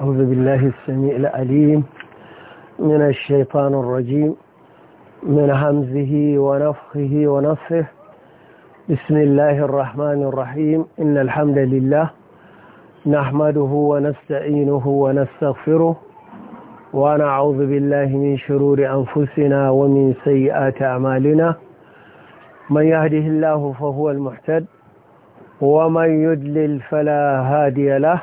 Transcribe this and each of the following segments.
أعوذ بالله السميع العليم من الشيطان الرجيم من همزه ونفخه ونفخه بسم الله الرحمن الرحيم إن الحمد لله نحمده ونستعينه ونستغفره ونعوذ بالله من شرور أنفسنا ومن سيئات أعمالنا من يهده الله فهو المحتد ومن يدلل فلا هادي له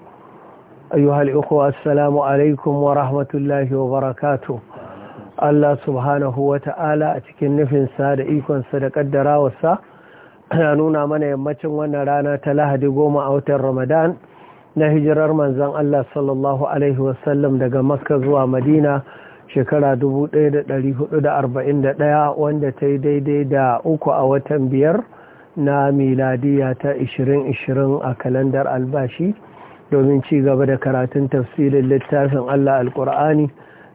أيها الأخوة السلام عليكم ورحمة الله وبركاته Allah subhanahu wa ta'ala a cikin nufinsa da ikonsa da ƙaddarawarsa ya nuna mana yammacin wannan rana ta lahadi goma a watan Ramadan na hijirar manzan Allah sallallahu Alaihi wasallam daga Makka zuwa Madina shekara 1441 wanda ta yi daidai da uku a watan biyar na miladiya ta 2020 a kalandar albashi. domin ci gaba da karatun tafsirin littafin Allah (Qur'ani)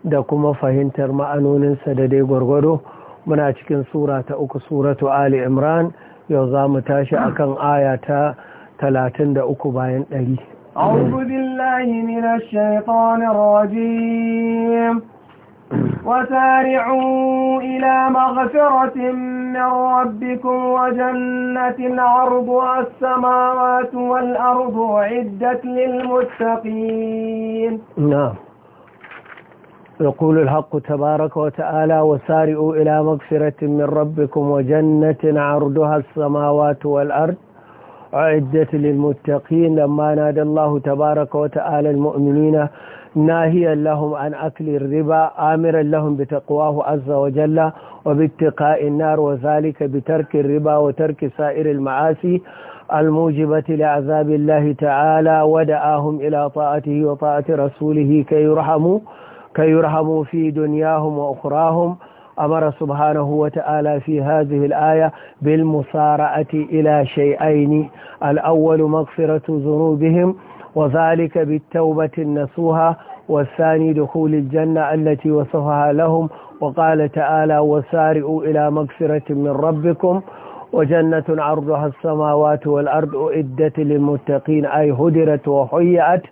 da kuma fahimtar ma'anoninsa da dai gwargwado muna cikin sura ta uku suratu Ali Imran yau za mu tashi akan aya ta talatin da uku bayan ɗari. أعوذ بالله من الشيطان الرجيم وسارعوا إلى مغفرة من ربكم وجنة عرضها السماوات والأرض أعدت للمتقين نعم يقول الحق تبارك وتعالى وسارعوا إلى مغفرة من ربكم وجنة عرضها السماوات والأرض أعدت للمتقين لما نادى الله تبارك وتعالى المؤمنين ناهيا لهم عن أكل الربا آمرا لهم بتقواه عز وجل وباتقاء النار وذلك بترك الربا وترك سائر المعاصي الموجبة لعذاب الله تعالى ودعاهم إلى طاعته وطاعة رسوله كي يرحموا, كي يرحموا في دنياهم وأخراهم أمر سبحانه وتعالى في هذه الآية بالمصارعة إلى شيئين الأول مغفرة ذنوبهم وذلك بالتوبة النصوها والثاني دخول الجنة التي وصفها لهم وقال تعالى وسارئوا إلى مغفرة من ربكم وجنة عرضها السماوات والأرض أعدت للمتقين أي هدرت وحيأت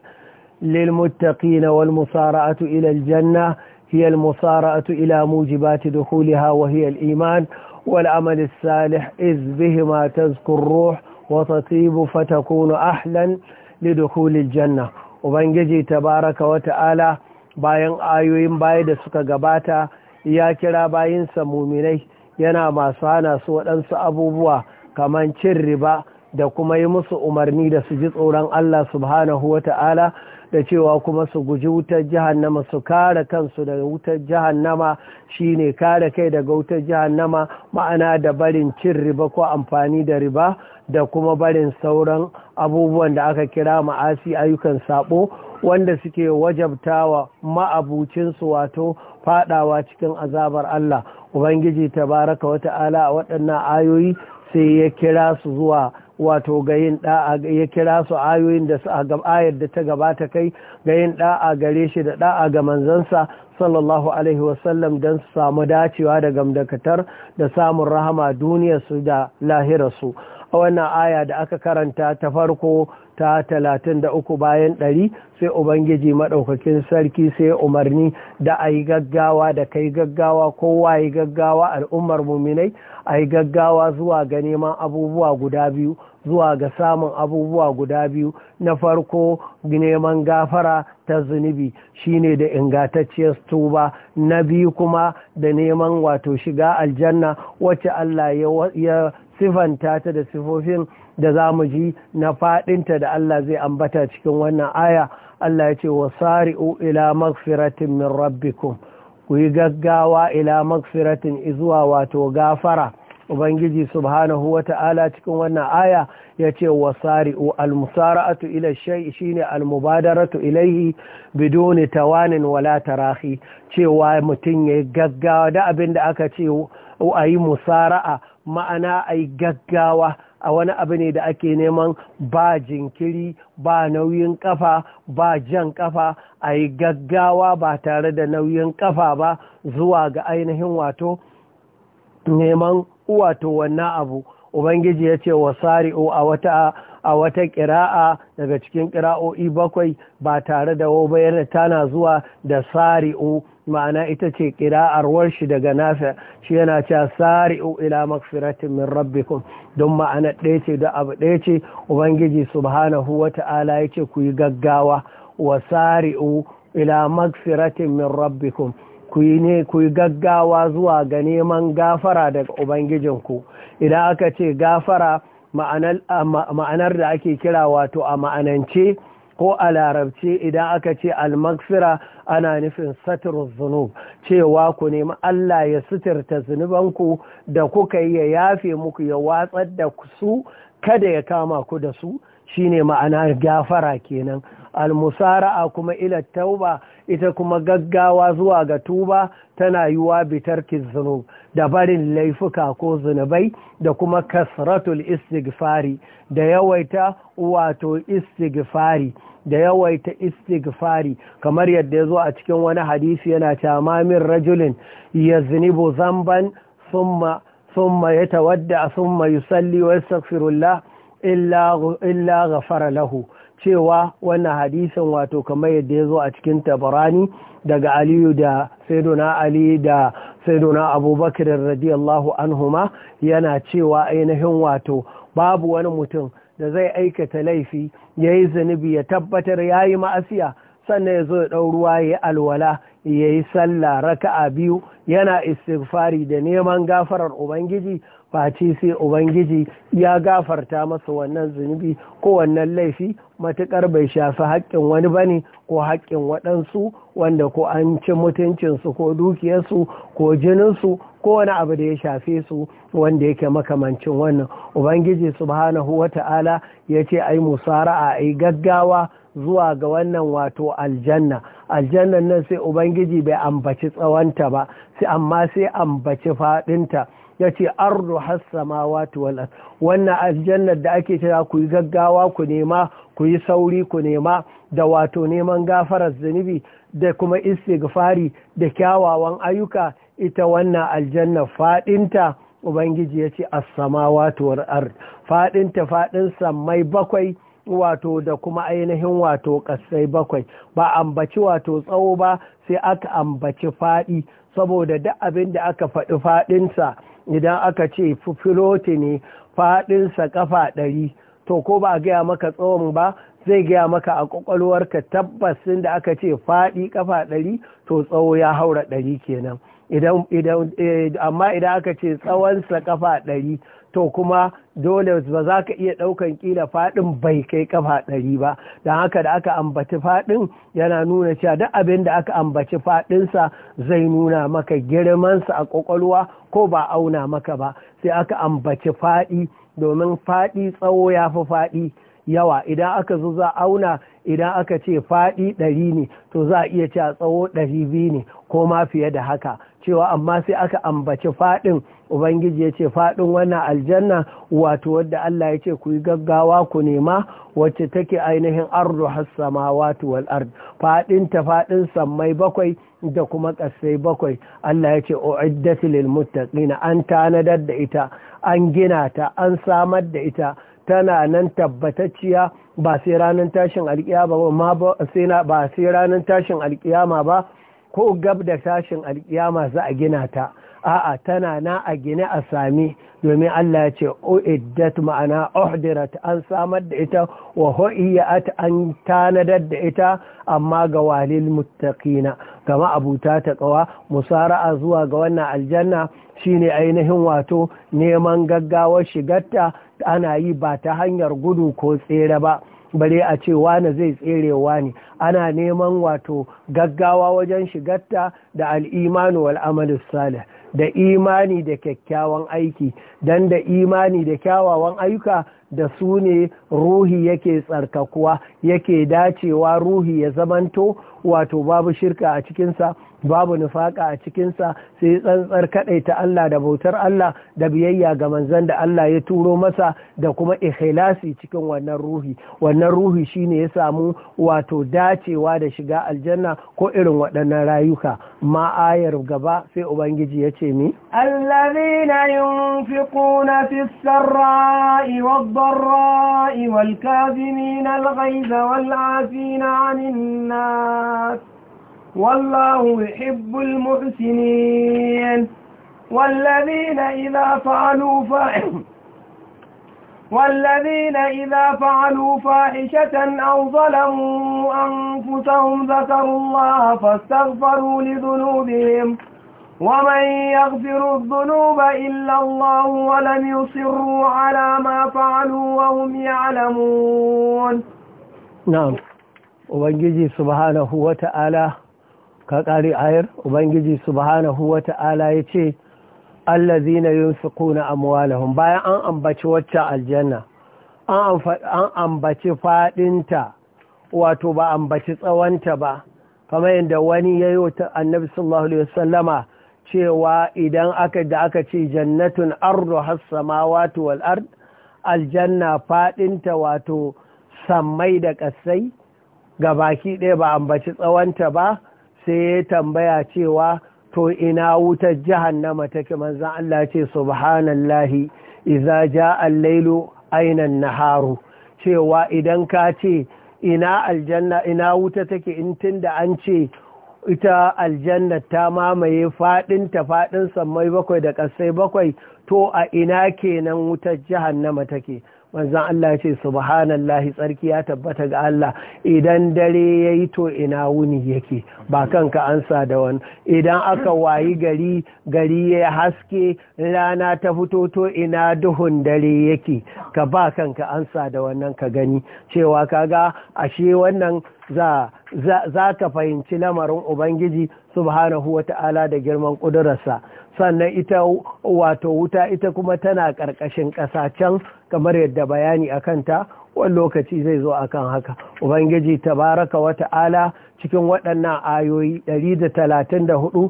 للمتقين والمصارعة إلى الجنة هي المصارعة إلى موجبات دخولها وهي الإيمان والعمل الصالح إذ بهما تزكو الروح وتطيب فتكون أحلا lidukhulil janna ubangiji tabaraka wa ta'ala bayan ayoyin baya da suka gabata ya kira bayinsa muminai yana masu hana su waɗansu abubuwa kamar cin riba da kuma yi musu umarni da su ji tsoron Allah subhanahu wa ta'ala da cewa kuma su guji wutar nama, su kare kansu daga wutar jahannama shine kare kai daga wutar nama, ma'ana da barin cin riba ko amfani da riba da kuma barin sauran abubuwan da aka kira ma'asi ayyukan sabo wanda suke wajabtawa ma'abucinsu wato fadawa cikin azabar Allah ubangiji ta tabaraka wata'ala a waɗannan ayoyi sai ya kira su zuwa wato ga yin da'a ya kira su ayoyin da ayar da ta gabata kai ga yin da'a gare shi da da'a ga manzansa sallallahu alaihi wasallam don su samu dacewa da gamdakatar da samun rahama duniyarsu da lahirarsu a wannan aya da aka karanta ta farko ta talatin da uku bayan ɗari sai ubangiji maɗaukakin sarki sai umarni da a yi gaggawa da kai gaggawa kowa yi gaggawa al'ummar muminai a yi gaggawa zuwa ga neman abubuwa guda biyu zuwa ga samun abubuwa guda biyu na farko neman gafara ta zunubi shine da ingantacciyar tuba na biyu kuma da neman wato shiga aljanna wacce Allah ya sifanta ta da sifofin da za mu ji na faɗinta da Allah zai ambata cikin wannan aya Allah ya ce wa sari'u ila magfiratin min rabbikum ku yi gaggawa ila magfiratin izuwa wato gafara Ubangiji subhanahu wa ta'ala cikin wannan aya ya ce wa sari'u almusara'atu ila shai shi ne almubadaratu ilaihi bidoni tawanin wala tarahi cewa mutum ya gaggawa da abin da aka ce a yi musara'a ma'ana a yi gaggawa a wani abu ne da ake neman ba jinkiri ba nauyin kafa ba jan kafa a yi gaggawa ba tare da nauyin kafa ba zuwa ga ainihin wato neman wato wannan abu ubangiji ya ce wa sari'u a wata a wata ƙira'a daga cikin ƙira'o'i bakwai ba tare da ba yadda tana zuwa da sari'u ma'ana ita ce ƙira'ar warshi daga nasa shi yana cewa sari'u ila makfiratin min rabbikum don ma'ana ɗaya ce da abu ɗaya ce ubangiji subhanahu wata'ala ya ce ku yi gaggawa wa sari'u ila makfiratin min rabbikum ku yi ne ku yi gaggawa zuwa ga neman gafara daga ubangijinku idan aka ce gafara ma'anar da ake kira wato a ma'anance ko a larabce idan aka ce almaksira ana nufin satirun zunub cewa ku nemi Allah ya suturta zunubanku da kuka yi ya yafe muku ya watsar da su kada ya kama ku da su shine ma'ana gafara kenan almusara'a kuma ila tauba ita kuma gaggawa zuwa ga tuba tana yiwa bitarkin zunub da barin laifuka ko zunubai da kuma kasratul istighfari da yawaita wato istighfari da yawaita istighfari kamar yadda ya zo a cikin wani hadisi yana tamamin rajulin ya zunibu zamban summa ya tawadda summa yusalli wa illa illa ghafara lahu cewa wannan hadisin wato kamar yadda ya zo a cikin tabarani daga aliyu da saiduna ali da saiduna abubakar radiyallahu anhuma yana cewa ainihin wato babu wani mutum da zai aikata laifi ya yi zunubi ya tabbatar ya yi ma'asiya sannan ya zo ya ɗau ruwa ya yi alwala ya yi sallah raka a biyu yana istighfari da neman gafarar ubangiji ba ce sai ubangiji ya gafarta masa wannan zunubi ko wannan laifi matuƙar bai shafi haƙƙin wani ba ne ko haƙƙin waɗansu wanda ko an ci mutuncinsu ko dukiyarsu ko jininsu ko wani abu da ya shafe su wanda yake makamancin wannan ubangiji subhanahu wata'ala ya ce ai musara'a ai gaggawa zuwa ga wannan wato aljanna aljannan nan sai ubangiji bai ambaci tsawonta ba sai amma sai ambaci faɗinta ya ce ardu hassama wato wannan aljannar da ake cewa ku yi gaggawa ku nema ku yi sauri ku nema da wato neman gafarar zunubi da kuma istighfari da kyawawan ayyuka ita wannan aljanna fadinta ubangiji ya ce as-sama wato ar fadinta fadin sammai bakwai wato da kuma ainihin wato kasai bakwai ba ambaci wato tsawo ba sai aka ambaci fadi saboda duk abin da aka faɗi fadinsa idan aka ce filoti ne fadinsa kafa ɗari to ko ba a gaya maka tsawon ba zai gaya maka a ƙwaƙwalwarka tabbas da aka ce faɗi ƙafa ɗari to tsawo ya haura ɗari kenan eh, amma idan aka ce tsawonsa kafa ɗari to kuma dole ba za ka iya ɗaukan ƙila faɗin bai kai kafa ɗari ba don haka da aka ambaci faɗin yana nuna cewa duk abin da aka ambaci faɗinsa zai nuna maka girmansa a ƙwaƙwalwa ko ba auna maka ba sai aka ambaci faɗi domin faɗi tsawo ya fi faɗi yawa idan aka zo za auna idan aka ce faɗi ɗari ne to za a iya ce a tsawo ɗari biyu ne ko ma fiye da haka cewa amma sai aka ambaci faɗin ubangiji ya ce faɗin wannan aljanna wato wadda Allah ya ce ku yi gaggawa ku nema wacce take ainihin ardu hassama wato wal ard faɗin ta faɗin sammai bakwai da kuma ƙasai bakwai Allah ya ce uiddat lil muttaqina an tanadar da ita an gina ta an samar da ita tana nan tabbatacciya ba sai ranar tashin alkiyama ba sai na ba sai ranar tashin alkiyama ba ko gab da tashin alkiyama za a gina ta a'a tana na a gine a sami domin Allah ya ce o'iddat ma'ana ohdirat an samar da ita wa ho'iyat an tanadar da ita amma ga walil muttaqina kama abuta ta kawa musara'a zuwa ga wannan aljanna shine ainihin wato neman gaggawar shigarta ana yi ba ta hanyar gudu ko tsere ba bare a ce wani zai tserewa ne ana neman wato gaggawa wajen shigarta da al'imanu wal amalus salih da imani da kyakkyawan aiki dan da imani da kyawawan ayyuka da su ne ruhi yake tsarkakuwa yake dacewa ruhi ya zamanto wato babu shirka a cikinsa babu nufaƙa a cikinsa sai tsantsar ta Allah da bautar Allah da biyayya ga manzan da Allah ya turo masa da kuma ikhlasi cikin wannan ruhi wannan ruhi shine ya samu wato dacewa da shiga aljanna ko irin waɗannan rayuka ma ayar gaba sai ubangiji ya ce ni allazina yunfiquna fis sarra'i wad dharra'i wal kaazimina al ghaiza wal 'afina 'anil nas الناس والله يحب المحسنين والذين إذا فعلوا فاحشة والذين إذا فعلوا فاحشة أو ظلموا أنفسهم ذكروا الله فاستغفروا لذنوبهم ومن يغفر الذنوب إلا الله ولم يصروا على ما فعلوا وهم يعلمون نعم ubangiji subhanahu wata'ala ka ƙari ayar ubangiji subhanahu wata'ala ya ce allazina yunfiquna amwalahum bayan an ambaci wacce aljanna an ambaci fadinta wato ba ambaci tsawonta ba kamar yadda wani yayi wata annabi sallallahu alaihi wasallama cewa idan aka da aka ce jannatun ardu has-samawati wal ard aljanna fadinta wato sammai da kasai ga baki ɗaya ba ambaci tsawonta ba sai ya tambaya cewa to ina wutar jahannama take manzan Allah ce subhanallahi iza ja allailu ainan naharu cewa idan ka ce ina aljanna ina wuta take in tunda an ce ita aljanna ta mamaye ta faɗin sammai bakwai da ƙasai bakwai to a ina kenan wutar jahannama take manzan Allah ya ce subhanallahi tsarki ya tabbata ga Allah idan dare ya yi to ina wuni yake ba kanka ansa da wani idan aka wayi gari gari ya haske rana ta fito to ina duhun dare yake ka ba kanka ansa da wannan ka gani cewa kaga ashe wannan za ka fahimci lamarin ubangiji subhanahu wa ta'ala da girman ƙudurarsa sannan ita wato wuta ita kuma tana ƙarƙashin ƙasa can kamar yadda bayani a kanta wani lokaci zai zo a kan haka ubangiji tabaraka wa ta'ala cikin waɗannan ayoyi 134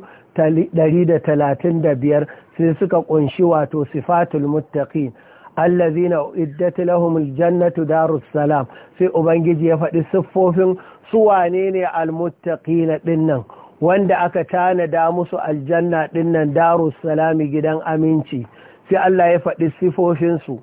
135 sai suka ƙunshi wato sifatul muttaqin allazina iddat lahum aljannatu darus salam sai ubangiji ya faɗi siffofin su wane ne Al-Mutaqii almuttaqin dinnan wanda aka tanada musu aljanna dinnan darus salami gidan aminci sai Allah ya faɗi sifofinsu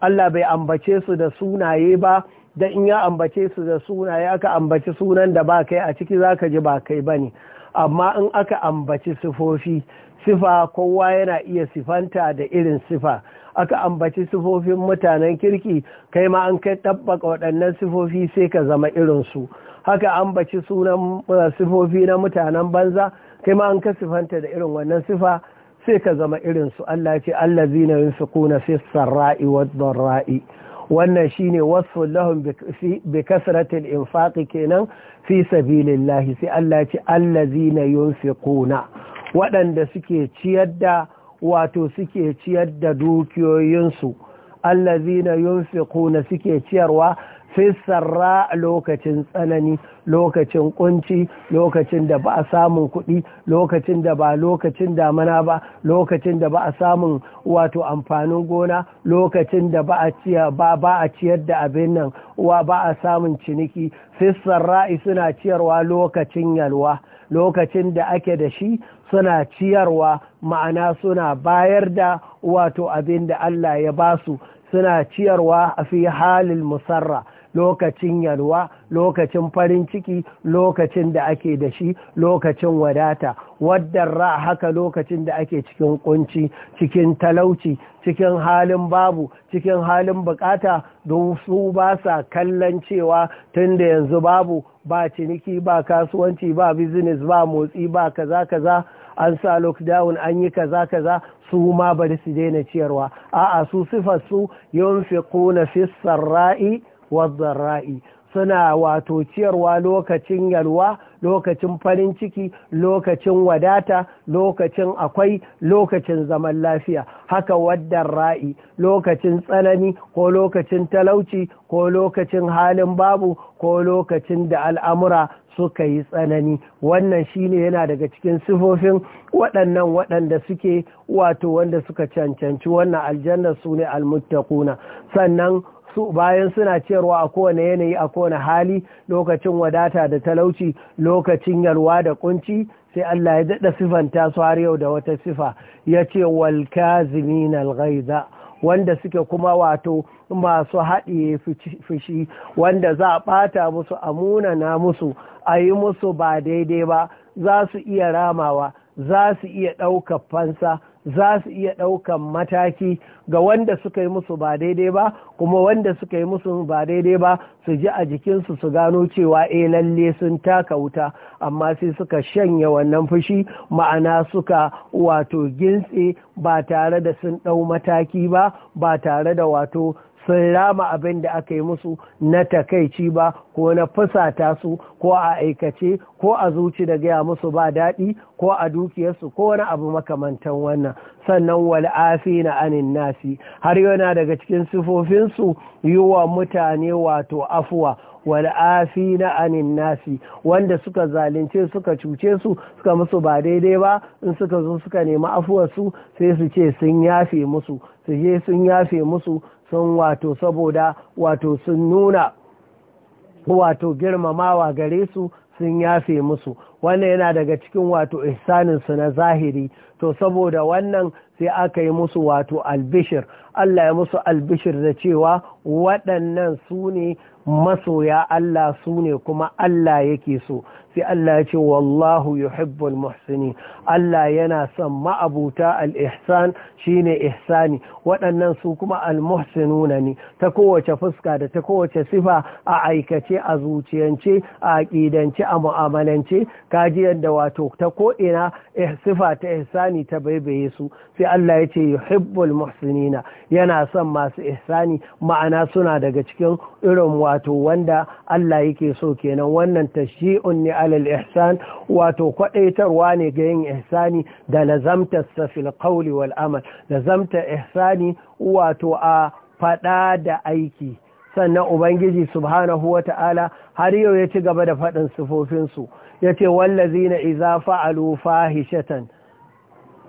Allah bai ambace su da sunaye ba da in ya ambace su da sunaye aka ambaci sunan da ba kai a ciki zaka ji ba kai bane amma in aka ambaci sifofi sifa kowa yana iya sifanta da irin sifa aka ambaci sifofin mutanen kirki kai ma an kai tabbaka waɗannan sifofi sai ka zama irinsu haka an baci sunan sifofi na mutanen banza kai ma an ka sifanta da irin wannan sifa sai ka zama irin su Allah ce su kuna sai sarra'i wad dharra'i wannan shi shine wasfu lahum bi kasratil infaqi kenan fi lahi sai Allah ce Allah su kuna waɗanda suke ciyar da wato suke ciyar da dukiyoyinsu Allah su kuna suke ciyarwa fisarra lokacin tsanani lokacin kunci lokacin da ba a samun kuɗi lokacin da ba lokacin damana ba lokacin da ba a samun wato amfanin gona lokacin da ba a ciyar da abin nan wa ba a samun ciniki fissarra'i suna ciyarwa lokacin yalwa lokacin da ake da shi suna ciyarwa ma'ana suna bayar da wato abin da Allah ya basu suna ciyarwa a fi halin musarra lokacin yarwa lokacin farin ciki lokacin da ake da shi lokacin wadata waddan ra haka lokacin da ake cikin kunci cikin talauci cikin halin babu cikin halin bukata don su ba sa kallon cewa tun da yanzu babu ba ciniki ba kasuwanci ba business ba motsi ba kaza kaza an sa lockdown an yi kaza kaza su ma bari su daina ciyarwa a'a su sifar su yunfiquna fis sarra'i wadzarra'i suna wato ciyarwa lokacin yalwa lokacin farin ciki lokacin wadata lokacin akwai lokacin zaman lafiya haka waddan ra'i lokacin tsanani ko lokacin talauci ko lokacin halin babu ko lokacin da al'amura suka yi tsanani wannan shine yana daga cikin sifofin waɗannan waɗanda suke wato wanda suka cancanci wannan aljanna su ne sannan su bayan suna ciyarwa a kowane yanayi a kowane hali lokacin wadata da talauci lokacin yalwa da kunci sai Allah ya daɗa sifanta su har yau da wata sifa ya ce wal alghaiza wanda suke kuma wato masu haɗiye fushi wanda za a ɓata musu a munana musu a yi musu ba daidai ba za su iya ramawa za su iya ɗaukar fansa za su iya ɗaukan mataki ga wanda suka yi musu ba daidai ba kuma wanda suka yi musu ba daidai ba su ji a jikinsu su gano cewa eh lalle sun taka wuta amma sai suka shanye wannan fushi ma'ana suka wato gintse ba tare da sun ɗau mataki ba ba tare da wato sun rama abin da aka yi musu na takaici ba ko na fusata su ko a aikace ko a zuci da gaya musu ba daɗi ko a dukiyarsu ko wani abu makamantan wannan sannan wal'afi na anin nasi har yana daga cikin sifofinsu yi wa mutane wato afuwa wal'afina anin nasi wanda suka zalunce suka cuce su suka musu ba daidai ba in suka zo suka nemi afuwarsu sai su ce sun yafe musu su je sun yafe musu sun wato saboda wato sun nuna wato girmamawa gare su sun yafe musu wannan yana daga cikin wato ihsaninsu na zahiri to saboda wannan sai aka yi musu wato albishir Allah ya musu albishir da cewa waɗannan su ne masoya Allah su ne kuma Allah yake so sai Allah ya ce wallahu yuhibbul muhsinin Allah yana son ma'abuta al-ihsan shine ihsani waɗannan su kuma al-muhsinuna ne ta kowace fuska da ta kowace sifa a aikace a zuciyance a aqidance a mu'amalance kaji yadda wato ta ko'ina ina eh, sifa ta ihsani ta baibaye su sai Allah ya ce yuhibbul muhsinina yana son masu ihsani ma'ana suna daga cikin irin wato wato wanda Allah yake so kenan wannan tashyi'un ni alal ihsan wato kwadaitarwa ne ga yin ihsani da lazamta safil qawli wal amal lazamta ihsani wato a fada da aiki sannan ubangiji subhanahu wata'ala har yau ya ci gaba da faɗin sifofinsu ya ce wallazina iza fa'alu fahishatan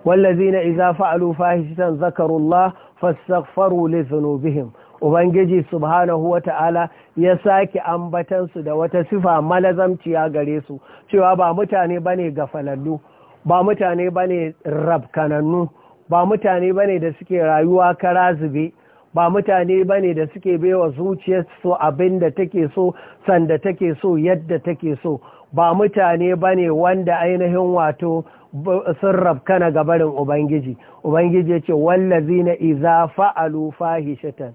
wallazina iza fa'alu fahishatan zakarullah fastaghfaru li dhunubihim Ubangiji subhanahu wa ta'ala ya sake ambatansu da wata sifa malazamciya gare su, cewa ba mutane ba ne gafalallu, ba mutane ba ne rabkanannu, ba mutane ba ne da suke rayuwa kara zube, ba mutane ba ne da suke baiwa zuciyarsu abin da take so, sanda take so, yadda take so, ba mutane ba ne wanda ainihin wato sun rabkana barin Ubangiji. Ubangiji ya ce, na iza fa'alu fahishatan.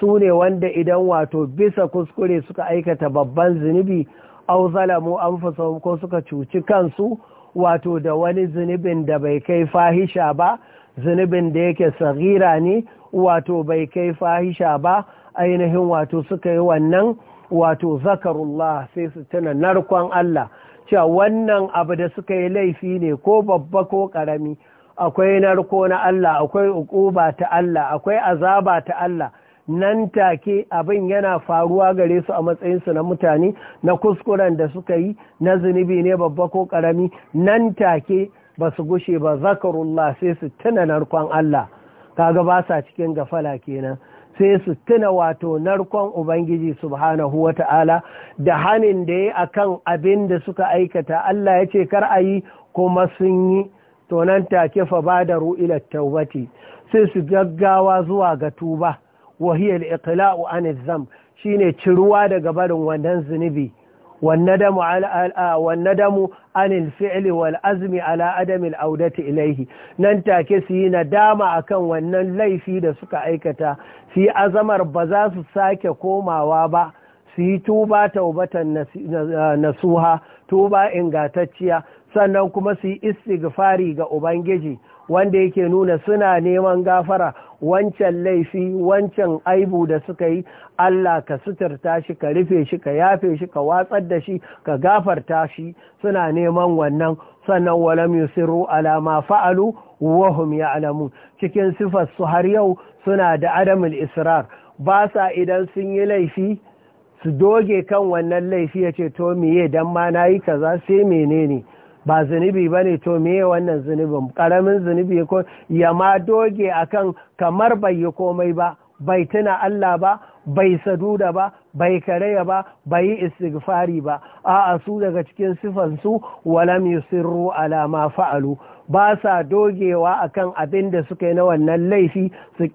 su ne wanda idan wato bisa kuskure suka aikata babban zunubi au zalamu anfusahum ko suka cuci kansu wato da wani zunubin da bai kai fahisha ba zunubin da yake sagira ne wato bai kai fahisha ba ainihin wato suka yi wannan wato zakarullah sai su tuna narkon Allah cewa wannan abu da suka yi laifi ne ko babba ko karami akwai narko na Allah akwai ukuba ta Allah akwai azaba ta Allah nan take abin yana faruwa gare su a matsayinsu na mutane na kuskuren da suka yi na zunubi ne babba ko karami nan take ba su gushe ba zakarullah sai su tuna narkon Allah kaga ba sa cikin gafala kenan sai su tuna wato narkon Ubangiji subhanahu wa ta'ala da hanin da ya akan abin da suka aikata Allah ya ce kar a yi kuma sun yi To nan take fa ba da ru'ilar taubati sai su gaggawa zuwa ga tuba wahiyar iqla'u an zam shine ciruwa daga barin wannan zunubi والندم على والندم azumi, الفعل والعزم على nan العودة إليه su yi nadama akan wannan laifi da suka aikata yi azamar ba za su sake komawa ba su yi tuba taubatan nasuha tuba ingatacciya sannan kuma su yi istighfari ga ubangiji wanda yake nuna suna neman gafara wancan laifi wancan aibu da suka yi Allah ka suturta shi ka rufe shi ka yafe shi ka watsar da shi ka gafarta shi suna neman wannan sannan walam yusiru ala ma fa'alu wa hum ya'lamun cikin sifar su har yau suna da adamul israr ba sa idan sun yi laifi su doge kan wannan laifi ya ce to miye dan ma nayi kaza sai menene ba zunubi ba ne to meye wannan zunubin ƙaramin zunubi ko ya ma doge akan kamar bai yi komai ba bai tuna Allah ba bai saduda ba bai karaya ba bai yi istighfari ba a'a su daga cikin sifansu walam yusirru ala ma fa'alu ba sa dogewa akan abin da suka yi na wannan laifi su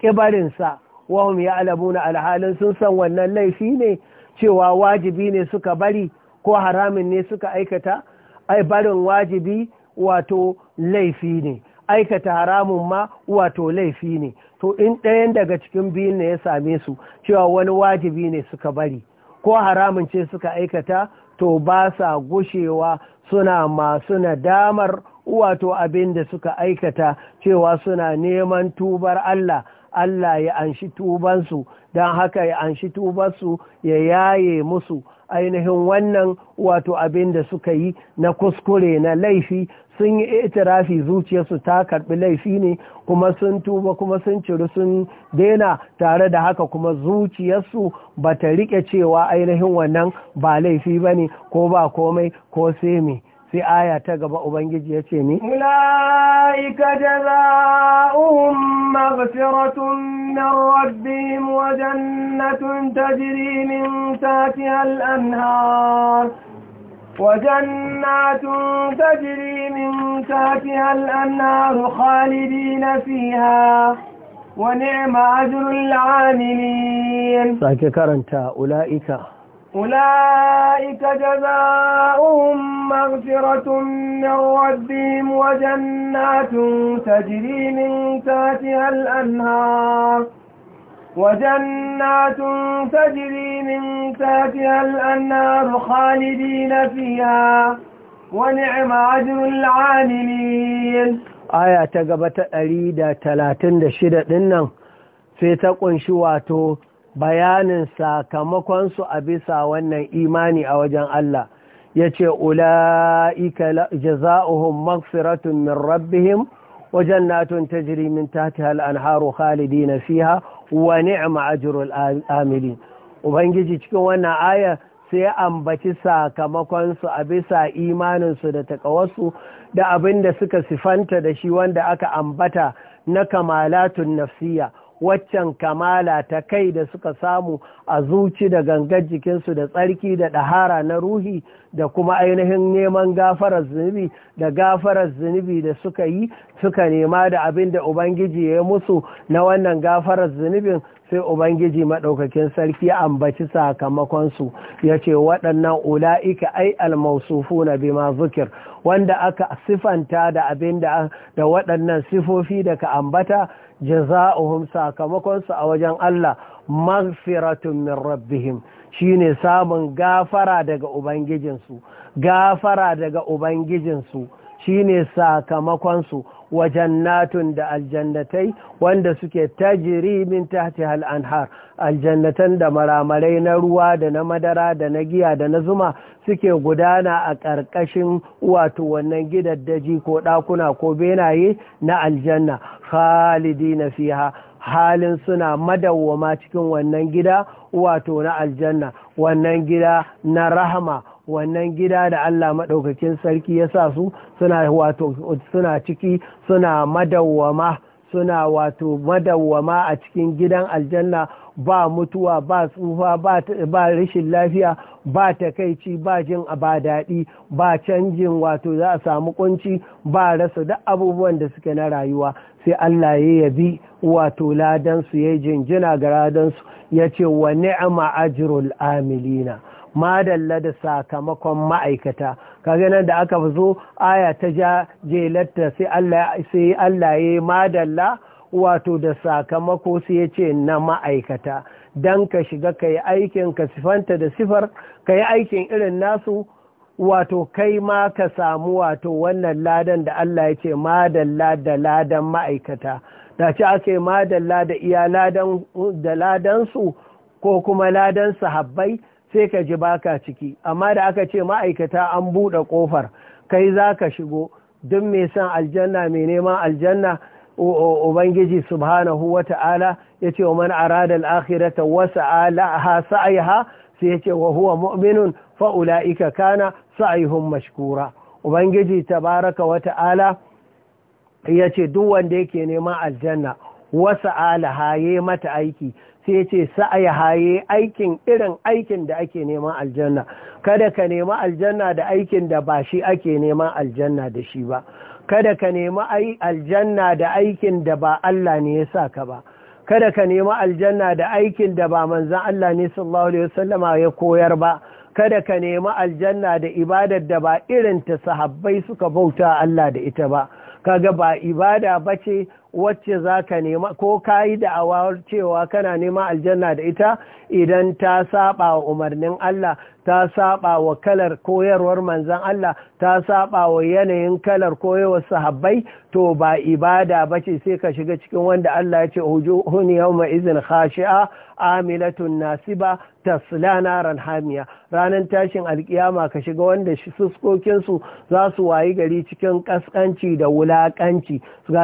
sa wahum ya na alhalin sun san wannan laifi ne cewa wajibi ne suka bari ko haramin ne suka aikata ai barin wajibi wato laifi ne aikata haramun ma wato laifi ne to in ɗayan daga cikin biyun ne ya same su cewa wani wajibi ne suka bari ko haramun ce suka aikata to ba sa gushewa suna masu nadamar wato abin da suka aikata cewa suna neman tubar Allah Allah ya anshi tubansu don haka ya anshi tubansu ya yaye musu ainihin wannan wato abin da suka yi na kuskure na laifi sun yi itirafi zuciyarsu ta karbi laifi ne kuma sun tuba kuma sun ciri sun daina tare da haka kuma zuciyarsu ba ta rike cewa ainihin wannan ba laifi ba ne ko ba komai ko sai me sai aya ta gaba ubangiji ya ce ni ulaika jazaohum maghfiratun min rabbihim wa jannatun tajri min tahtiha al-anhar وجنات تجري من تحتها الأنهار خالدين فيها ونعم أجر العاملين ساكي karanta أولئك أولئك جزاؤهم مغفرة من ربهم وجنات تجري من تاتها الأنهار وجنات تجري من تاتها الأنهار خالدين فيها ونعم أجر العاملين آية تقبت أريد 36 إنه في تقن شواته bayanin sakamakonsu a bisa wannan imani a wajen Allah ya ce ula'ika jaza'uhum magfiratun min rabbihim wajen natun ta jiri min tati al'anharu khalidi na fiha wa ni'ma ajirul amilin ubangiji cikin wannan aya sai ambaci sakamakonsu a bisa imaninsu da takawarsu da abin da suka sifanta da shi wanda aka ambata na kamalatun nafsiyya. waccan kamala ta kai da suka samu a zuci da gangar jikinsu da tsarki da ɗahara na ruhi da kuma ainihin neman gafarar zunubi da gafarar zunubi da suka yi suka nema da abin da ubangiji ya musu na wannan gafarar zunubin sai ubangiji maɗaukakin sarki ya ambaci sakamakonsu ya ce waɗannan ula'ika ai almausufu na bima zukir wanda aka sifanta da abin da waɗannan sifofi da ka ambata jaza'uhum sakamakonsu a wajen Allah magfiratun min rabbihim shine samun gafara daga ubangijinsu gafara daga ubangijinsu shine sakamakonsu wa jannatun da aljannatai wanda suke tajiri min tahti hal anhar aljannatan da maramarai na ruwa da na madara da na giya da na zuma suke gudana a ƙarƙashin wato wannan gidaddaji ko ɗakuna ko benaye na aljanna khalidina fiha halin suna madawwama cikin wannan gida wato na aljanna wannan gida na rahama wannan gida da Allah maɗaukakin sarki ya sa su suna wato suna ciki suna madawwama suna wato madawwama a cikin gidan aljanna ba mutuwa ba tsufa ba rashin lafiya ba takaici ba jin ba daɗi ba canjin wato za a samu kunci ba rasa duk abubuwan da suke na rayuwa sai Allah ya yabi wato ladansu ya jinjina ga su ya ce wa ni'ama ajrul amilina madalla da sakamakon ma'aikata kaga nan da aka zo aya ta ja jelarta sai Allah ya yi ya madalla wato da sakamako sai ya ce na ma'aikata Don ka shiga ka yi aikin ka sifanta da sifar ka yi aikin irin nasu wato kai ma ka samu wato wannan ladan da Allah ya ce madalla da ladan ma'aikata da ce aka yi madalla da iya ladan su ladansu ko kuma ladan sahabbai sai ka ji baka ciki amma da aka ce ma'aikata an buɗe ƙofar kai za ka shigo Don mai san aljanna mai neman aljanna ubangiji subhanahu wa ta'ala ya ce wa man arada al'akhirata wasu alaha sa'aiha sai ya ce wa huwa mu'minun Ika kana sa'aihun mashkura ubangiji tabaraka wa ta'ala ya ce duk wanda yake neman aljanna wasu alaha ya mata aiki sai ya ce sa'aya haye aikin irin aikin da ake neman aljanna kada ka nema aljanna da aikin da ba shi ake neman aljanna da shi ba kada ka nema aljanna da aikin da ba Allah ne ya sa ka ba kada ka nema aljanna da aikin da ba manzan Allah ne sallallahu alaihi wasallama ya koyar ba kada ka nema aljanna da ibadar da ba irin ta sahabbai suka bauta Allah da ita ba kaga ba ibada bace wacce za ka nema ko ka yi da'awa cewa kana nema aljanna da ita idan ta saba wa umarnin Allah ta saba wa kalar koyarwar manzan Allah ta saba wa yanayin kalar koyewar sahabbai to ba ibada ba ce sai ka shiga cikin wanda Allah ya ce hujuhun ma izin khashi'a amilatun nasiba tasla naran hamiya ranar tashin alkiyama ka shiga wanda fuskokinsu za su wayi gari cikin kaskanci da wulakanci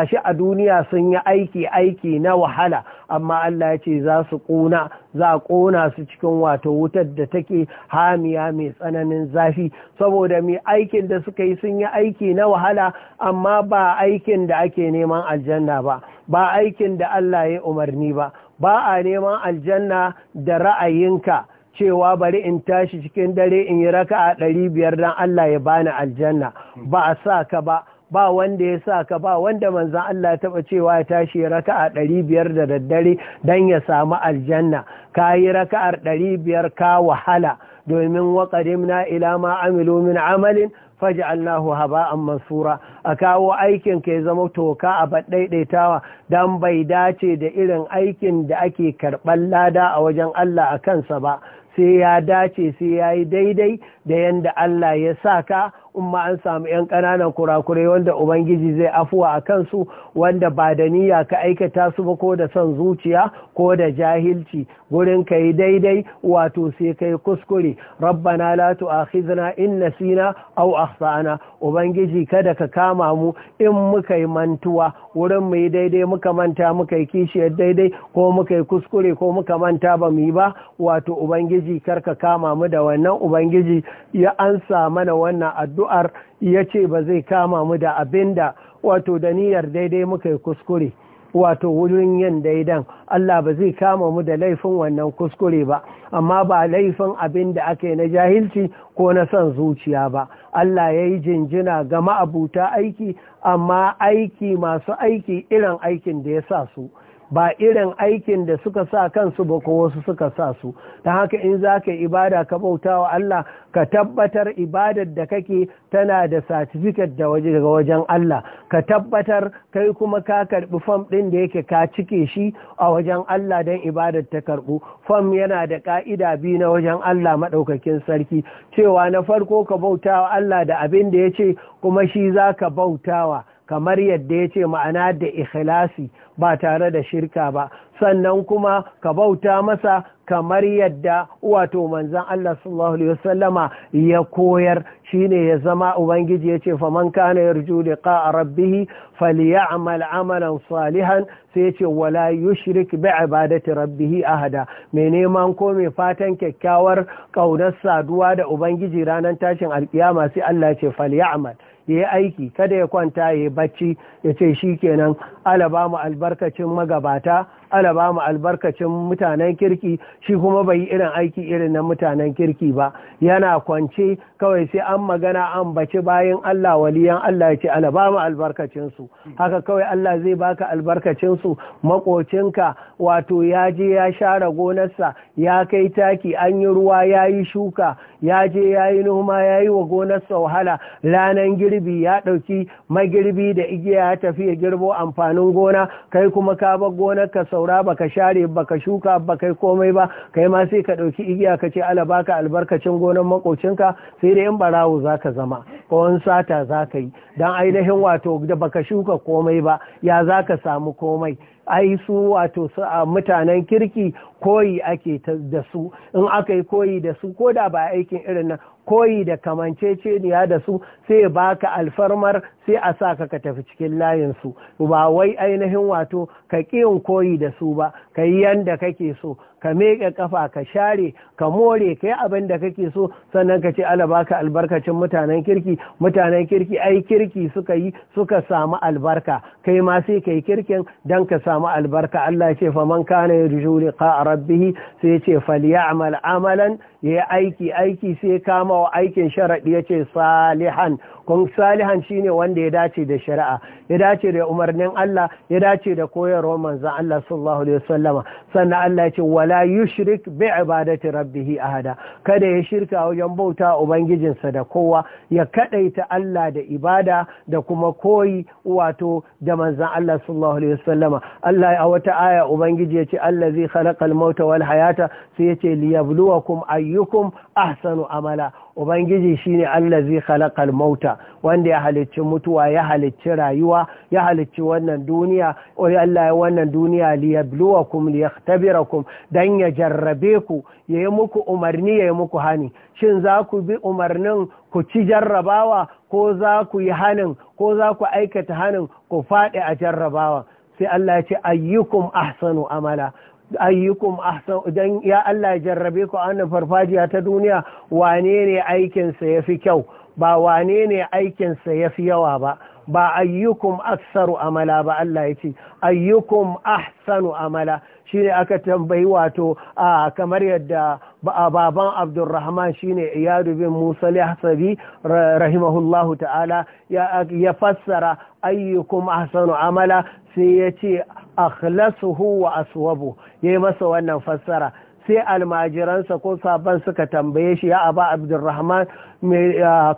shi a duniya sun yi aiki aiki na wahala amma Allah ya ce za su ƙuna za a ƙona su cikin wato wutar da take hamiya mai tsananin zafi saboda mai aikin ibadar da suka yi sun yi aiki na wahala amma ba aikin da ake neman aljanna ba ba aikin da Allah ya umarni ba ba a neman aljanna da ra'ayinka cewa bari in tashi cikin dare in yi raka a ɗari biyar don Allah ya bani aljanna ba a sa ka ba ba wanda ya sa ka ba wanda manzan Allah taɓa cewa ya tashi raka a ɗari biyar da daddare don ya samu aljanna ka yi raka'ar ɗari biyar ka wahala domin waƙadim na ma amilu min amalin faj'alnahu haba'an mansura a kawo aikin ka ya zama toka a baddaidaitawa dan bai dace da irin aikin da ake karban lada a wajen Allah a kansa ba sai ya dace sai yayi daidai da yanda Allah ya sa ka. in ma an samu ‘yan ƙananan kurakurai wanda Ubangiji zai afuwa a kansu wanda ba da niyya ka aikata su ba ko da son zuciya ko da jahilci gurin ka yi daidai wato sai ka yi kuskure rabbana la tu'akhizna in nasina aw akhtana Ubangiji kada ka kama mu in muka yi mantuwa wurin mu yi daidai muka manta muka yi kishiyar daidai ko muka yi kuskure ko muka manta ba mu yi ba wato Ubangiji kar ka kama mu da wannan Ubangiji ya ansa mana wannan addu'a addu'ar ya ce ba zai kama mu da abin da wato da niyyar daidai muka yi kuskure wato wurin yin daidan Allah ba zai kama mu da laifin wannan kuskure ba amma ba laifin abin da aka na jahilci ko na son zuciya ba Allah ya yi jinjina ga ma'abuta aiki amma aiki masu aiki irin aikin da ya sa su ba irin aikin da suka sa kansu ba ko wasu suka sa su ta haka in za ka ibada ka bauta wa Allah ka tabbatar ibadar da kake tana da certificate da waje daga wajen Allah ka tabbatar kai kuma ka karbi fam ɗin da yake ka cike shi a wajen Allah don ibadar ta karɓo. fam yana da ka'ida biyu na wajen Allah maɗaukakin sarki cewa na farko ka bauta wa Allah da abin da ya ce kuma shi za ka bautawa kamar yadda ya ce ma'ana da ikhlasi ba tare da shirka ba sannan kuma ka bauta masa kamar yadda wato manzan Allah sallallahu alaihi wasallama ya koyar shine ya zama ubangiji yace faman kana yarju liqa'a rabbih falyamal amalan salihan sai yace wala yushrik bi ibadati rabbihi ahada me neman ko mai fatan kyakkyawar ƙaunar saduwa da ubangiji ranar tashin alkiyama sai Allah ce falyamal ya yi aiki kada ya kwanta ya yi bacci ya ce shi kenan ala ba mu albarkacin magabata ala ba mu albarkacin mutanen kirki shi kuma bai irin aiki irin na mutanen kirki ba yana kwance kawai sai an magana an baci bayan Allah waliyan Allah ya ce ala ba mu albarkacin su haka kawai Allah zai baka albarkacin su makocinka wato ya je ya share gonarsa ya kai taki an yi ruwa ya yi shuka ya je ya yi noma ya yi wa gonarsa wahala ranar girbi ya ɗauki magirbi da igiya ya tafi ya girbo amfanin gona kai kuma ka bar gonarka saura baka share baka shuka baka komai ba kai ma sai ka ɗauki igiya ka ce ala baka albarkacin gonan makocinka sai da yin barawo zaka zama ko wani sata zaka yi dan ainihin wato da baka shuka komai ba ya za ka samu komai ai su wato mutanen kirki koyi ake da su in aka yi koyi da su ko da ba aikin irin nan koyi da kamanceceniya da su sai baka alfarmar sai a sa ka tafi cikin layinsu ba wai ainihin wato ka ƙiyin koyi da su ba ka yi yanda kake so ka meƙe kafa ka share ka more kai abin da kake so sannan ka ce ala baka albarkacin mutanen kirki mutanen kirki ai kirki suka yi suka samu albarka kai ma sai kai kirkin dan ka samu albarka Allah ce fa man kana yarju liqa rabbih sai ce falyamal amalan yayi aiki aiki sai kama wa aikin sharadi yace salihan kun salihan shi ne wanda ya dace da shari'a ya dace da umarnin Allah ya dace da koyarwar manzon Allah sallallahu alaihi wasallama sannan Allah ya ce wala yushrik bi ibadati rabbih ahada kada ya shirka wajen bauta ubangijinsa da kowa ya kadaita Allah da ibada da kuma koyi wato da manzon Allah sallallahu alaihi wasallama Allah a wata aya ubangiji ya ce allazi khalaqal mauta wal hayata sai ya ce liyabluwakum ayyukum ahsanu amala ubangiji shine allazi khalaqal mauta wanda ya halicci mutuwa ya halicci rayuwa ya halicci wannan duniya ori Allah ya wannan duniya liyabluwakum liyaktabirakum dan ya jarrabe ku yayi muku umarni yayi muku hani shin za ku bi umarnin ku ci jarrabawa ko za ku yi hanin ko za ku aikata hanin ku faɗi a jarrabawa sai Allah ya ce ayyukum ahsanu amala ayyukum ahsan dan ya Allah ya jarrabe ku an farfajiya ta duniya wane ne aikin sa yafi kyau ba wane ne aikin sa yafi yawa ba ba ayyukum aksaru amala ba Allah ya ce ayyukum ahsanu amala shine aka tambayi wato kamar yadda baban Abdulrahman shine Iyadu bin Musa al-Hasabi rahimahullahu ta'ala ya fassara ayyukum ahsanu amala sai ya ce akhlasuhu wa aswabu ya yi masa wannan fassara sai almajiransa ko sabon suka tambaye shi ya aba abdurrahman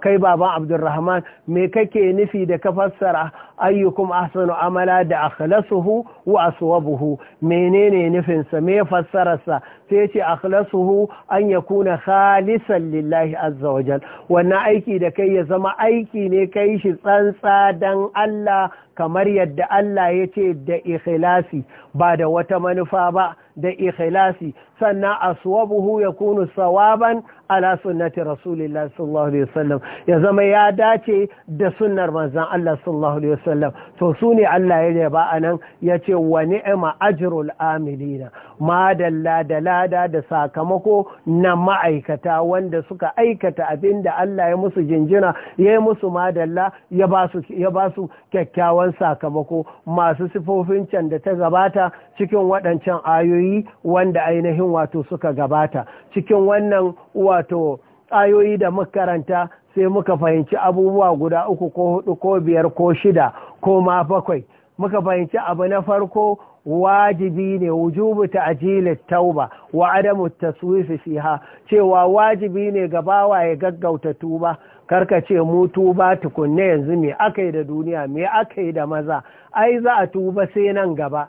kai baban abdurrahman me kake nufi da ka fassara ayyukum ahsanu amala da akhlasuhu wa aswabuhu menene nufin sa me fassararsa sai ce akhlasuhu an kuna khalisan lillahi azza wajal wannan aiki da kai ya zama aiki ne kai shi tsantsa dan Allah kamar yadda Allah ya ce da ikhlasi ba da wata manufa ba da ikhlasi sannan aswabuhu yakunu sawaban ala sunnati rasulillah sallallahu alaihi wasallam ya zama ya dace da sunnar manzon Allah sallallahu alaihi wasallam to sune Allah ya yaba anan yace wa ni'ma ajrul amilina ma dalla da lada da sakamako na ma'aikata wanda suka aikata abinda Allah ya musu jinjina ya yi musu madalla ya ba su kyakkyawan sakamako masu sifofin can da ta gabata cikin waɗancan ayoyi yi wanda ainihin wato suka gabata cikin wannan wato ayoyi da makaranta sai muka fahimci abubuwa guda uku ko hudu ko biyar ko shida ko ma bakwai muka fahimci abu na farko wajibi ne wujubu ta'jilit tauba wa adamu taswifi fiha cewa wajibi ne ga bawa ya gaggauta tuba karka ce mu tuba tukunne yanzu me akai da duniya me akai da maza ai za a tuba sai nan gaba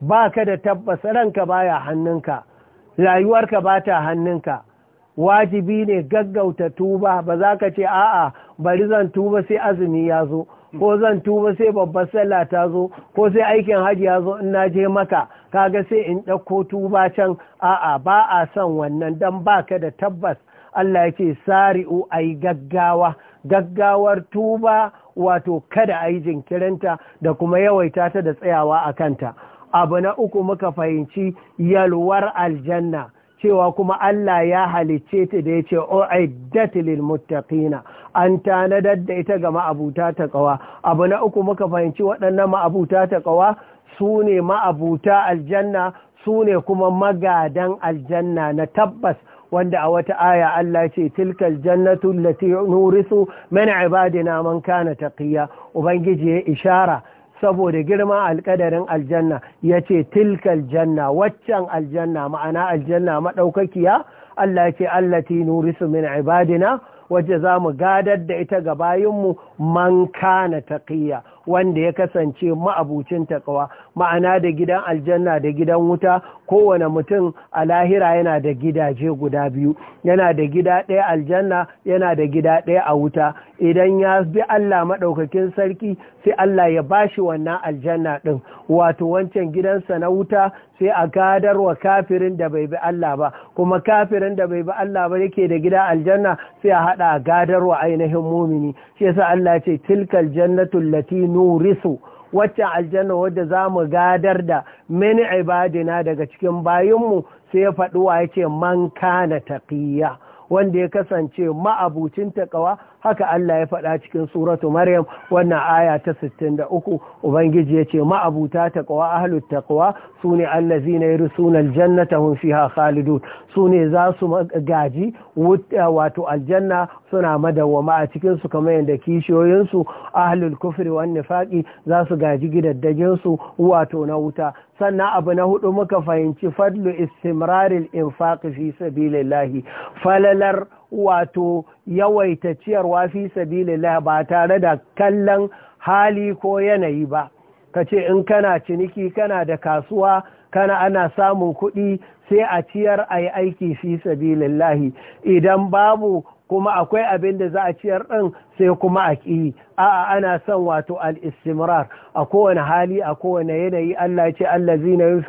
ba ka da tabbas ranka baya hannunka rayuwarka ba ta hannunka wajibi ne gaggauta tuba ba za ka ce a'a bari zan tuba sai azumi ya zo ko zan tuba sai babbar sallah ta zo ko sai aikin hajji ya zo in na je maka kaga sai in ɗauko tuba can a'a ba a son wannan don ba ka da tabbas Allah ya ce sari'u ai gaggawa gaggawar tuba wato kada a yi jinkirinta da kuma yawaita ta da tsayawa a kanta abu na uku muka fahimci yalwar aljanna cewa kuma Allah ya halicce ta da ya ce o'iddat lil muttaqina an tanadar da ita ga ma'abuta ta kawa abu na uku muka fahimci waɗannan ma'abuta ta kawa su ne ma'abuta aljanna su ne kuma magadan aljanna na tabbas wanda a wata aya Allah ce tilkal jannatu lati nurisu min ibadina man kana taqiya ubangiji ya ishara saboda girma alkadarin aljanna ya ce tilkal janna waccan aljanna ma'ana aljanna maɗaukakiya Allah ya ce allati nurisu min ibadina wacce za mu gadar da ita ga bayinmu man kana taqiya wanda ya kasance ma'abucin taqwa ma'ana da gidan aljanna da gidan wuta kowane mutum a lahira yana da gidaje guda biyu yana da gida ɗaya aljanna yana da gida ɗaya a wuta idan ya bi Allah maɗaukakin sarki sai Allah ya ba shi wannan aljanna ɗin wato wancan gidansa na wuta sai a gadar wa kafirin da bai bi Allah ba kuma kafirin da bai bi Allah ba yake da gida aljanna sai a haɗa a gadar wa ainihin mumini shi yasa Allah ce tilkal jannatul lati nurisu wacce aljanna wadda za mu gadar da mini ibadina daga cikin bayinmu sai ya faɗuwa ya ce man kana taƙiyya wanda ya kasance ma'abucin takawa haka Allah ya faɗa cikin suratu Maryam wannan aya ta 63 ubangiji ya ce ma'abuta taqwa ahlut taqwa sune allazina yarsuna aljannata hum Khalidu. Su ne za su gaji wato aljanna suna madawwama a cikinsu kamar yadda kishiyoyinsu su ahlul kufri wan nifaqi za su gaji gidaddajin su wato na wuta sannan abu na hudu muka fahimci fadlu istimrarin infaqi fi sabilillahi falalar wato yawaita ciyarwa fi sabilillahi ba tare da kallon hali ko yanayi ba Ka ce in kana ciniki kana da kasuwa kana ana samun kuɗi sai a ciyar a yi aiki fi sabilillahi idan babu kuma akwai abin da za a ciyar ɗin sai kuma a ƙi a'a ana son wato al-istimrar a kowane hali a kowane yanayi Allah ya ce allazina yin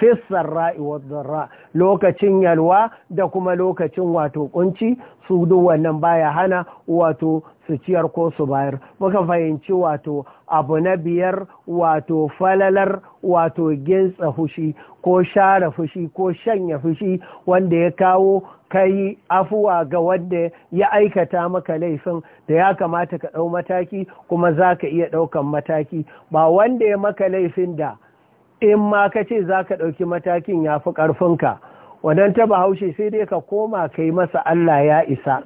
fis sarra'i wad zarra. lokacin yalwa da kuma lokacin wato kunci su duk wannan baya hana wato su ciyar ko su bayar muka fahimci wato abu na biyar wato falalar wato gintsa fushi ko share fushi ko shanya fushi wanda ya kawo kai afuwa ga wanda ya aikata maka laifin da ya kamata ka ɗau mataki kuma za ka iya ɗaukan mataki ba wanda ya maka laifin da in ma ka ce za ka ɗauki matakin ya fi ƙarfinka wadan ta bahaushe sai dai ka koma ka yi masa Allah ya isa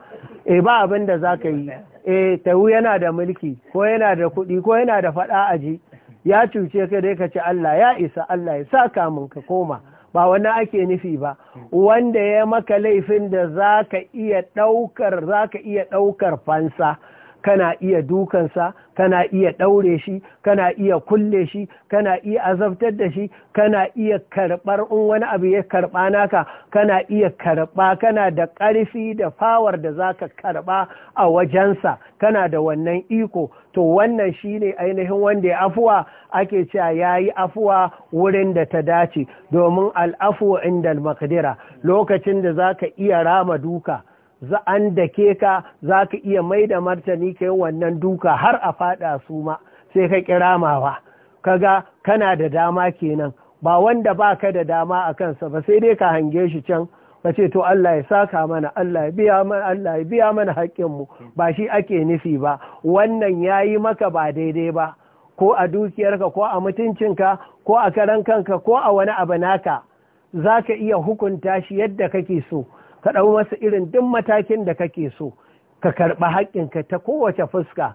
e ba abin da za ka yi e eh, tawu yana da mulki ko yana da kuɗi ko yana da faɗa a ji. ya cuce ka dai ka ci Allah ya isa Allah ya sa kamun ka koma ba wani ake nufi ba wanda ya maka laifin da za ka iya ɗaukar za ka iya ɗaukar fansa kana iya dukansa kana iya ɗaure shi kana iya kulle shi kana iya azabtar da shi kana iya karɓar in wani abu ya karɓa naka kana iya karɓa kana da ƙarfi da fawar da za ka karɓa a wajensa kana da wannan iko to wannan shi ne ainihin wanda ya afuwa ake cewa ya yi afuwa wurin da ta dace domin al'afu inda makadira. lokacin da za ka iya rama duka za an dake ka za ka iya mai da martani ka yi wannan duka har a fada su ma sai ka kiramawa kaga kana da dama kenan ba wanda ba ka da dama a kansa ba sai dai ka hange shi can ka ce to Allah ya saka mana Allah ya biya mana Allah ya biya mana haƙƙinmu ba shi ake nufi ba wannan ya yi maka ba daidai ba ko a dukiyarka ko a mutuncinka ko a karan kanka ko a wani abu naka za ka iya hukunta shi yadda kake so ka ɗau masa irin duk matakin da kake so ka karɓi haƙƙinka ta kowace fuska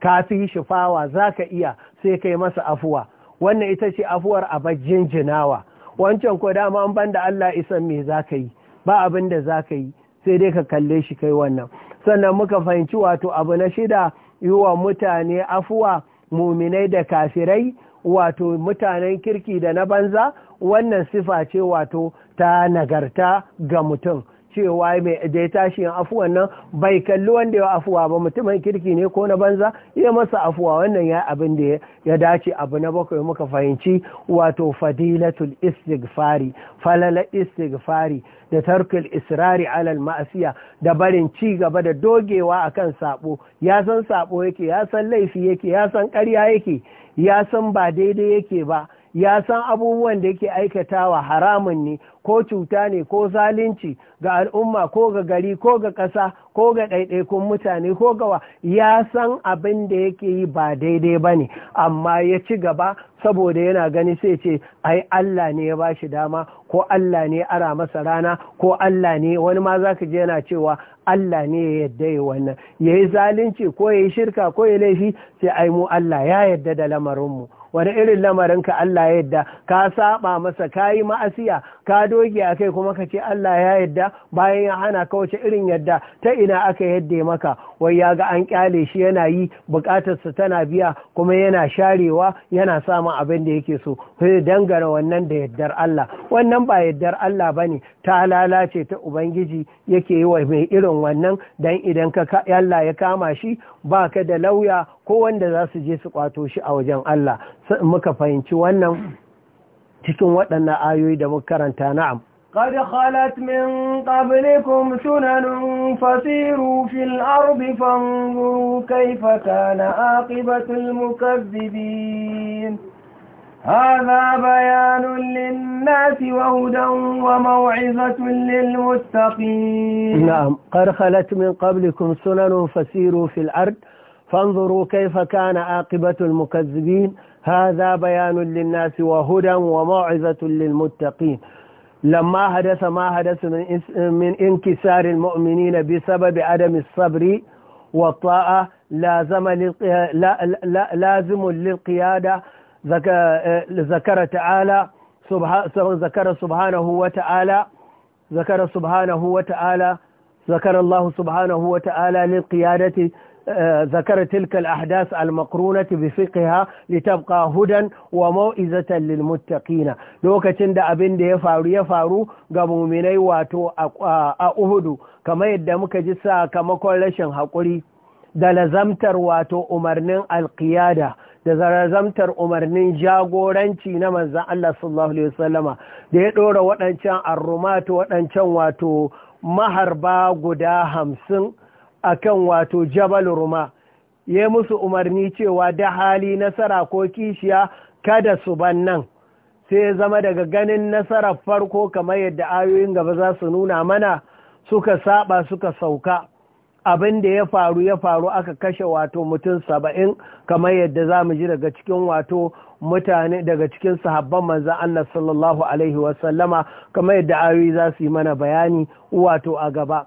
ka fi shi fawa za ka iya sai kai masa afuwa wannan ita ce afuwar a bajin jinawa wancan ko dama an banda Allah isan me za ka yi ba abin da za ka yi sai dai ka kalle shi kai wannan sannan muka fahimci wato abu na shida yi wa mutane afuwa muminai da kafirai wato mutanen kirki da na banza wannan sifa ce wato ta nagarta ga mutum cewa mai da ya tashi yin afuwan nan bai kalli wanda ya afuwa ba mutumin kirki ne ko na banza ya masa afuwa wannan ya abin da ya dace abu na bakwai muka fahimci wato fadilatul istighfari falala istighfari da tarkul israri alal ma'asiya da barin ci gaba da dogewa akan sabo ya san sabo yake ya san laifi yake ya san ƙarya yake ya san ba daidai yake ba ya san abubuwan da yake aikatawa haramun ne ko cuta ne ko zalunci ga al'umma ko ga gari ko ga ƙasa ko ga ɗaiɗaikun mutane ko gawa ya san abin da yake yi ba daidai ba ne amma ya ci gaba saboda yana gani sai ce ai Allah ne ya bashi dama ko Allah ne ara masa rana ko Allah ne wani ma za ka je yana cewa Allah ne ya yadda ya wannan ya yi zalunci ko ya yi shirka ko ya laifi sai ai mu Allah ya yadda da lamarinmu wani irin lamarin ka Allah ya yadda ka saba masa ka yi ma'asiya ka doge a kai kuma ka ce Allah ya yadda bayan ya hana ka wace irin yadda ta ina aka yadda maka wai ya ga an kyale shi yana yi bukatarsa tana biya kuma yana sharewa yana samun abin da yake so sai dangara wannan da yaddar Allah wannan ba yaddar Allah bane ta lalace ta ubangiji yake yi wa mai irin wannan dan idan ka Allah ya kama shi baka da lauya ko wanda za su je su kwato shi a wajen Allah muka fahimci wannan cikin waɗannan ayoyi da muka karanta na'am قد خلت من قبلكم سنن فسيروا في الأرض فانظروا كيف كان عاقبة المكذبين هذا بيان للناس وهدى وموعظة للمستقيم نعم قد خلت من قبلكم سنن فسيروا في الأرض فانظروا كيف كان عاقبة المكذبين هذا بيان للناس وهدى وموعظة للمتقين لما حدث ما حدث من انكسار المؤمنين بسبب عدم الصبر والطاعة لازم لازم للقيادة ذكر تعالى ذكر سبحانه وتعالى ذكر سبحانه وتعالى ذكر الله سبحانه وتعالى للقيادة Zakar Tilkal ذكر تلك الأحداث المقرونة بفقها لتبقى هدى da للمتقين لوكا ya faru دي فارو يفارو قبو مني واتو أهدو كما يدامك جسا كما كولشن حقولي da lazamtar wato umarnin alƙiyada da lazamtar umarnin jagoranci na manzan Allah sallallahu Alaihi da ya ɗora waɗancan arrumatu waɗancan wato maharba guda hamsin a kan wato jabal ruma ya musu umarni cewa da hali nasara ko kishiya kada su ban nan sai zama daga ganin nasara farko kamar yadda ayoyin gaba za su nuna mana suka saba suka sauka abin da ya faru ya faru aka kashe wato mutum saba'in kamar yadda za mu ji daga cikin wato mutane daga cikin sahabban manza Allah sallallahu Alaihi wasallama kamar yadda ayoyi za su yi mana bayani wato a gaba.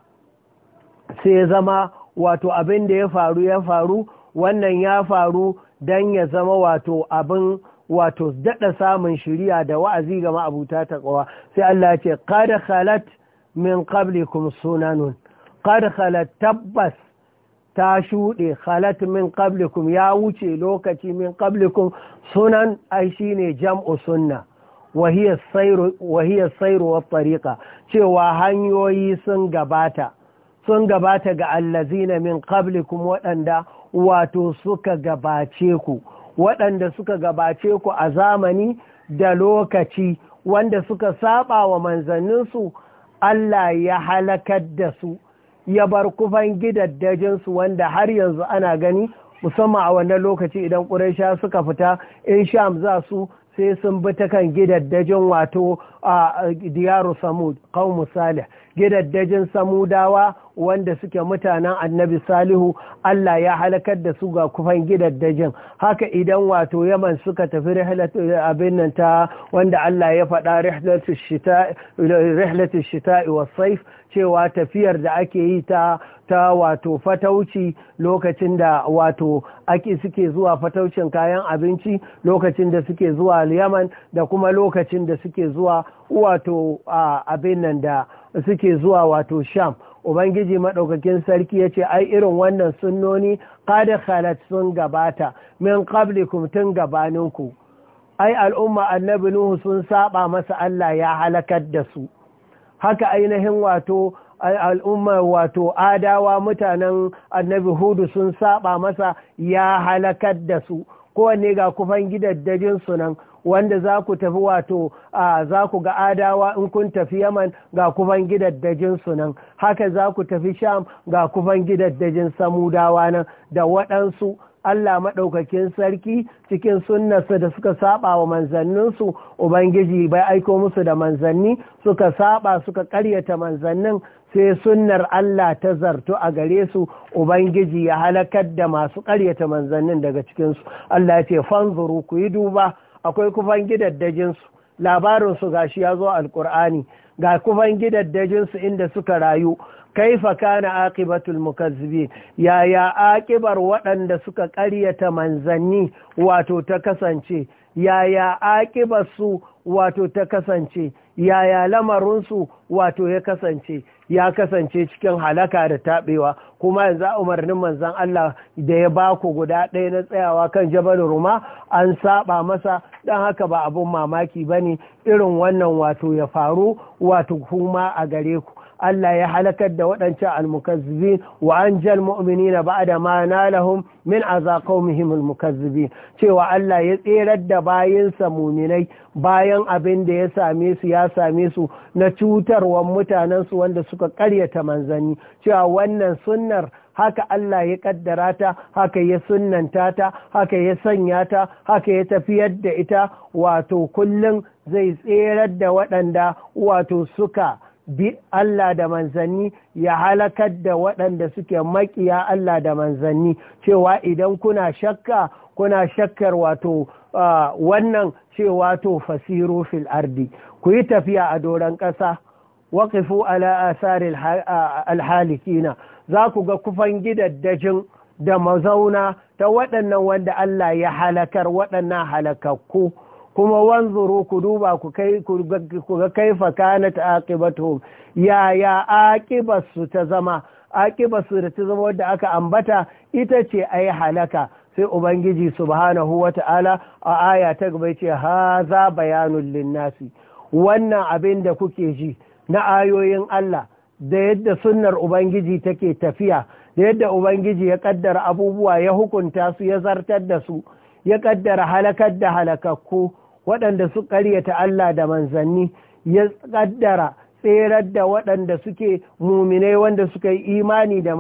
sai zama wato abin da ya faru ya faru wannan ya faru don ya zama wato abin wato daɗa samun shirya da wa'azi ga ma'abuta taƙawa sai Allah ce kada khalat min qablikum sunanun kada khalat tabbas ta shuɗe khalat min qablikum ya wuce lokaci min qablikum sunan ai shine jam'u sunna wahiyar sairu wa tariqa cewa hanyoyi sun gabata sun gabata ga allazina min kuma waɗanda wato suka gabace ku waɗanda suka gabace ku a zamani da lokaci wanda suka saba wa manzanninsu Allah ya halakar da su ya bar kufan gidaddajinsu wanda har yanzu ana gani musamman a wannan lokaci idan ƙuraisha suka fita in sham za su sai sun bi ta kan gidaddajin wato a diyaru samud kawo misali gidaddajin samudawa wanda suke mutanen annabi salihu Allah ya halakar da su ga kufan gidan dajin haka idan wato yaman suka tafi rihlatu abin nan ta wanda Allah ya faɗa rihlatu shita rihlatu shita wa saif cewa tafiyar da ake yi ta ta wato fatauci lokacin da wato ake suke zuwa fataucin kayan abinci lokacin da suke zuwa yaman da kuma lokacin da suke zuwa wato abin nan da suke zuwa wato sham ubangiji maɗaukakin sarki yace ai irin wannan sunnoni kada khalat sun gabata min qablikum tun gabaninku ai al'umma annabi nuhu sun saba masa Allah ya halakar da su haka ainihin wato al'umma wato adawa mutanen annabi hudu sun saba masa ya halakar da su kowanne ga kufan gidajen su nan wanda za ku tafi wato za ku ga adawa in kun tafi yaman ga kuban gidaddajin su nan haka za ku tafi sham ga kuban gidaddajin samudawa nan da waɗansu Allah maɗaukakin sarki cikin sunnarsa da suka saba wa manzanninsu Ubangiji bai aiko musu da manzanni suka saba suka karyata manzannin sai sunnar Allah ta zartu a gare su Ubangiji ya halakar da masu karyata manzannin daga cikinsu Allah ya ce fanzuru ku yi duba akwai kufan gidaddajinsu labarinsu ga shi ya zo alkur'ani ga kufan gidaddajinsu inda suka rayu kaifa kana aqibatul mukazzibi yaya aqibar waɗanda suka ƙaryata manzanni wato ta kasance yaya aqibar su wato ta kasance yaya lamarinsu wato ya kasance ya kasance cikin halaka da taɓewa kuma yanzu umarnin manzan Allah da ya ba ku guda ɗaya na tsayawa kan jabal ruma an saba masa don haka ba abun mamaki ba ne irin wannan wato ya faru wato kuma a gare ku Allah ya halakar da waɗancan almukazzibin wa anjal mu'minina da ma nalahum min aza qaumihim almukazzibin cewa Allah ya tserar da bayansa muminai bayan abin da ya same su ya same su na cutarwar mutanen su wanda suka ƙaryata manzanni cewa wannan sunnar haka Allah ya ƙaddarata ta haka ya sunnanta ta haka ya sanya ta haka ya tafiyar da ita wato kullum zai tserar da waɗanda wato suka bi Allah da manzanni ya halakar da waɗanda suke maƙiya Allah da manzanni cewa idan kuna shakka kuna shakkar wato wannan cewa to fasiru fil ardi ku yi tafiya a doron ƙasa waƙifu ala asarin alhalikina za ku ga kufan gidaddajin da mazauna ta waɗannan wanda Allah ya halakar waɗannan halakakku kuma wanzuru ku duba ku kai ku ga kaifa ta aqibatu ya ya aqibasu ta zama aqibasu da ta zama wadda aka ambata ita ce ai halaka sai ubangiji subhanahu wata'ala a aya ta gaba ce haza bayanul linnasi wannan abin da kuke ji na ayoyin Allah da yadda sunnar ubangiji take tafiya da yadda ubangiji ya kaddara abubuwa ya hukunta su ya zartar da su ya kaddara halakar da halakakku waɗanda su ƙaryata Allah da manzanni ya ƙaddara tserar da waɗanda suke muminai wanda suka yi imani da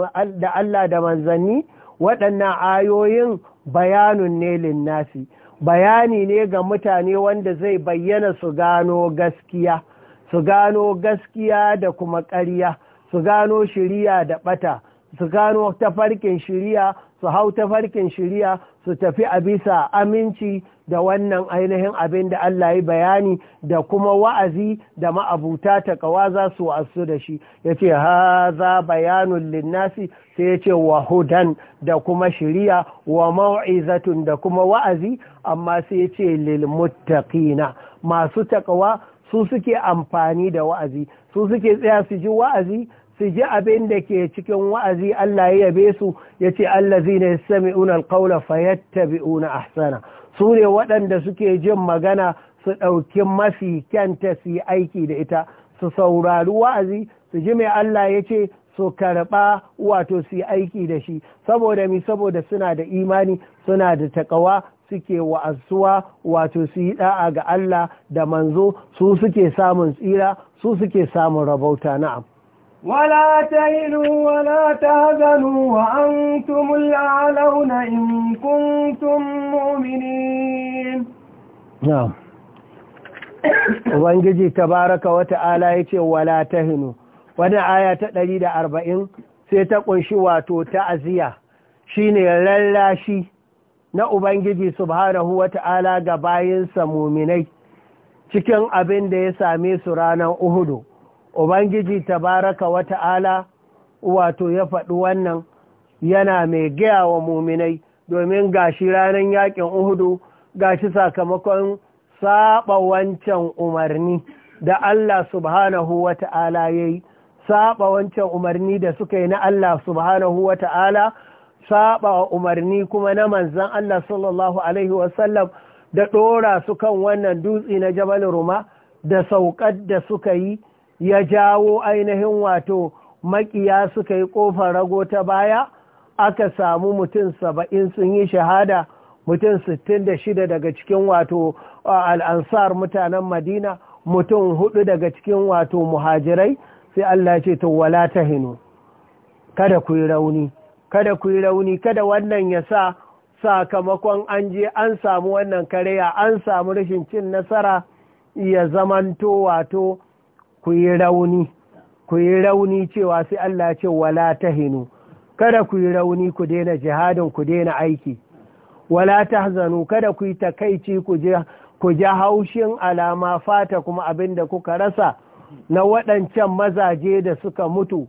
Allah da manzanni waɗannan ayoyin bayanun ne linnasi bayani ne ga mutane wanda zai bayyana su gano gaskiya su gano gaskiya da kuma ƙarya su gano shiriya da ɓata su gano ta farkin shiriya su hau ta farkin shiriya su tafi a bisa aminci da wannan ainihin abin da Allah ya bayani da kuma wa'azi da ma'abuta ta kawa za su wa'azu da shi ya ce ha za bayanun linnasi sai ya ce wa hudan da kuma shirya wa ma’izatun da kuma wa'azi amma sai ya ce Lilmuttaƙina, masu taƙawa su suke amfani da wa'azi su suke tsaya su ji wa'azi su ji abin da ke cikin wa'azi Allah ya yabe su ya ce Allah sami allazi ne fayyatta alƙaula fayattabi'una ahsana su ne waɗanda suke jin magana su ɗauki mafi kyanta su yi aiki da ita su saurari wa'azi su ji mai Allah ya ce su karɓa wato su yi aiki da shi saboda mi saboda suna da imani suna da takawa suke wa'azuwa wato su yi ɗa'a ga Allah da manzo su suke samun tsira su suke samun rabauta na'am ولا تهنوا ولا تهزنوا وأنتم الأعلون إن كنتم مؤمنين نعم Ubangiji tabaraka Baraka Wata'ala ya ce wala tahinu wani aya ta ɗari da arba'in sai ta ƙunshi wato ta'aziya, shine lallashi na Ubangiji subhanahu wata'ala ta'ala ga bayinsa muminai cikin abin da ya same su ranar Uhudu. ubangiji tabaraka wa ta'ala wato ya faɗi wannan yana mai gaya wa muminai domin gashi ranar yakin uhudu gashi sakamakon saba wancan umarni da Allah subhanahu wa ta'ala ya yi saba wancan umarni da suka yi na Allah subhanahu wa ta'ala saba wa umarni kuma na manzan Allah sallallahu Alaihi wasallam da ɗora su kan wannan dutse na Jabal Ruma da sauƙar da suka yi ya jawo ainihin wato makiya suka yi ƙofar rago ta baya aka samu mutum saba'in sun yi shahada mutum sittin da shida daga cikin wato al'ansar mutanen madina mutum hudu daga cikin wato muhajirai sai Allah ce to wala ta hinu kada ku yi rauni kada ku yi rauni kada wannan ya sa sakamakon an je an samu wannan karya an samu rashin cin nasara ya zamanto wato ku yi rauni ku yi rauni cewa sai Allah ce wala tahinu kada ku yi rauni ku daina jihadin ku daina aiki wala tahzanu kada ku yi takaici ku je ku ja haushin alama fata kuma abin da kuka rasa na waɗancan mazaje da suka mutu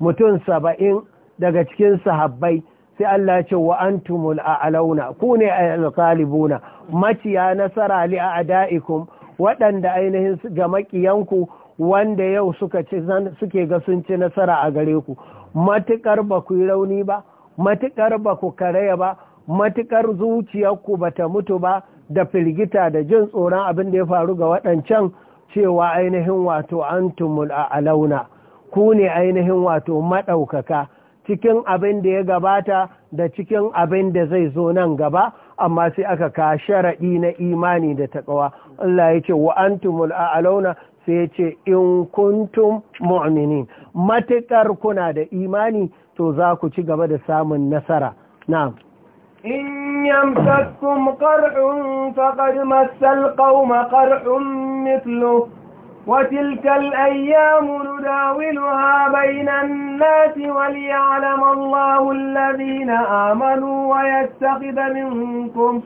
mutum saba'in daga cikin sahabbai sai Allah ce wa a a'launa ku ne alqalibuna maciya nasara li a'daikum waɗanda ainihin ga makiyanku wanda yau suka ci suke ga sun ci nasara a gare ku matukar ba ku yi rauni ba matukar ba ku karaya ba matukar zuciyarku ba ta mutu ba da firgita da jin tsoron abin da ya faru ga waɗancan cewa ainihin wato antumul a alauna ku ne ainihin wato maɗaukaka cikin abin da ya gabata da cikin abin da zai zo nan gaba amma sai aka ka sharaɗi na imani da taƙawa Allah ya ce wa antumul a'launa sai ce in kuntum mu'minin matuƙar kuna da imani to za ku ci gaba da samun nasara na'am in yamsakum qar'un faqad massal qauma qar'un mithlu وتلك الأيام نداولها بين الناس وليعلم الله الذين آمنوا ويتخذ منكم,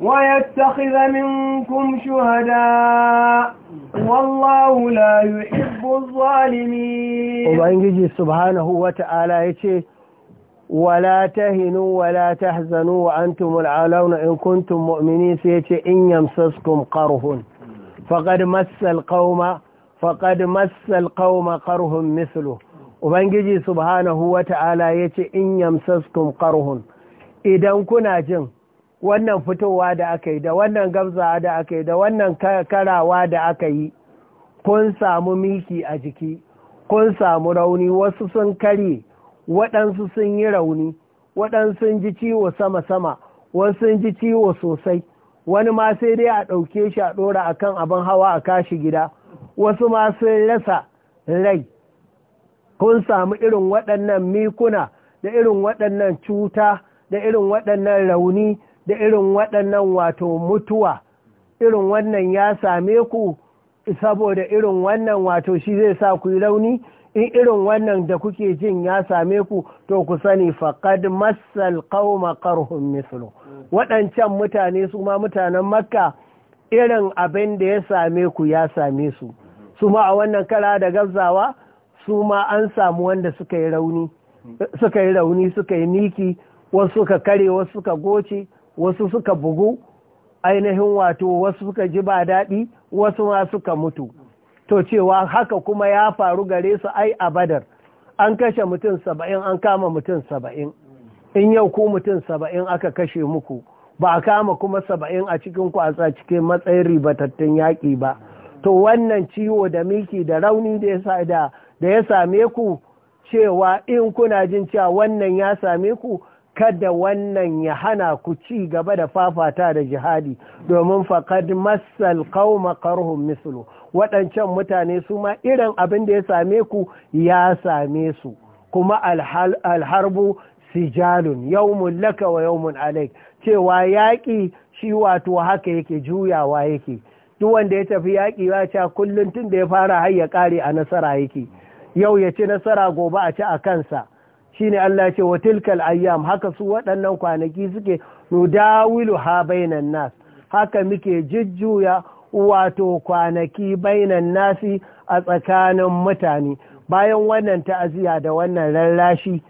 ويتخذ منكم شهداء wallahu la yuhibbu zalimin ubangiji subhanahu wata'ala yace wala tahinu wala tahzanu wa antumul alauna in kuntum mu'minin sai yace in yamsaskum qarhun faqad massal qauma faqad massal qauma qarhun mithluhu ubangiji subhanahu wata'ala yace in yamsaskum qarhun idan kuna jin wannan fitowa da aka yi da wannan gamsa da aka yi da wannan karawa da aka yi kun samu miki a jiki kun samu rauni wasu sun kare waɗansu sun yi rauni waɗansu sun ji ciwo sama-sama wasu sun ji ciwo sosai wani ma sai dai a ɗauke shi a ɗora a kan abin hawa a kashi gida wasu ma sun rasa rai kun samu irin waɗannan mikuna da irin waɗannan cuta da irin waɗannan rauni da irin waɗannan wato mutuwa irin wannan ya same ku saboda irin wannan wato shi zai sa ku yi rauni in irin wannan da kuke jin ya same ku to ku sani faqad massal qauma qarhum mislu waɗancan mutane su ma mutanen makka irin abin da ya same ku ya same su su ma a wannan kara da gabzawa su ma an samu wanda suka yi rauni suka yi rauni suka yi niki wasu suka kare wasu suka goce wasu suka bugu ainihin wato wasu suka ji ba daɗi wasu ma suka mutu to cewa haka kuma ya faru gare su ai abadar. an kashe mutum saba'in an kama mutum saba'in in yau ku mutum saba'in aka kashe muku ba a kama kuma saba'in a cikin kwatsa cikin matsayin ribatattun yaƙi ba to wannan ciwo da miki da rauni da ya same ku cewa in kuna jin cewa wannan ya same ku kada wannan ya hana ku ci gaba da fafata da jihadi domin faƙad masal qauma qarhum mislu waɗancan mutane su ma irin abin da ya same ku ya same su kuma alharbu sijalun yawmun laka wa yawmun alaik cewa yaƙi shi wato haka yake juyawa yake duk wanda ya tafi yaƙi ya ce kullum tun da ya fara har ya ƙare a nasara yake yau ya ci nasara gobe a ci a kansa shine Allah ce wa tilkal ayyam haka su waɗannan kwanaki suke nudawilu ha bainan nas haka muke jujjuya wato kwanaki bainan nasi a tsakanin mutane bayan wannan ta'aziyya da wannan rarrashi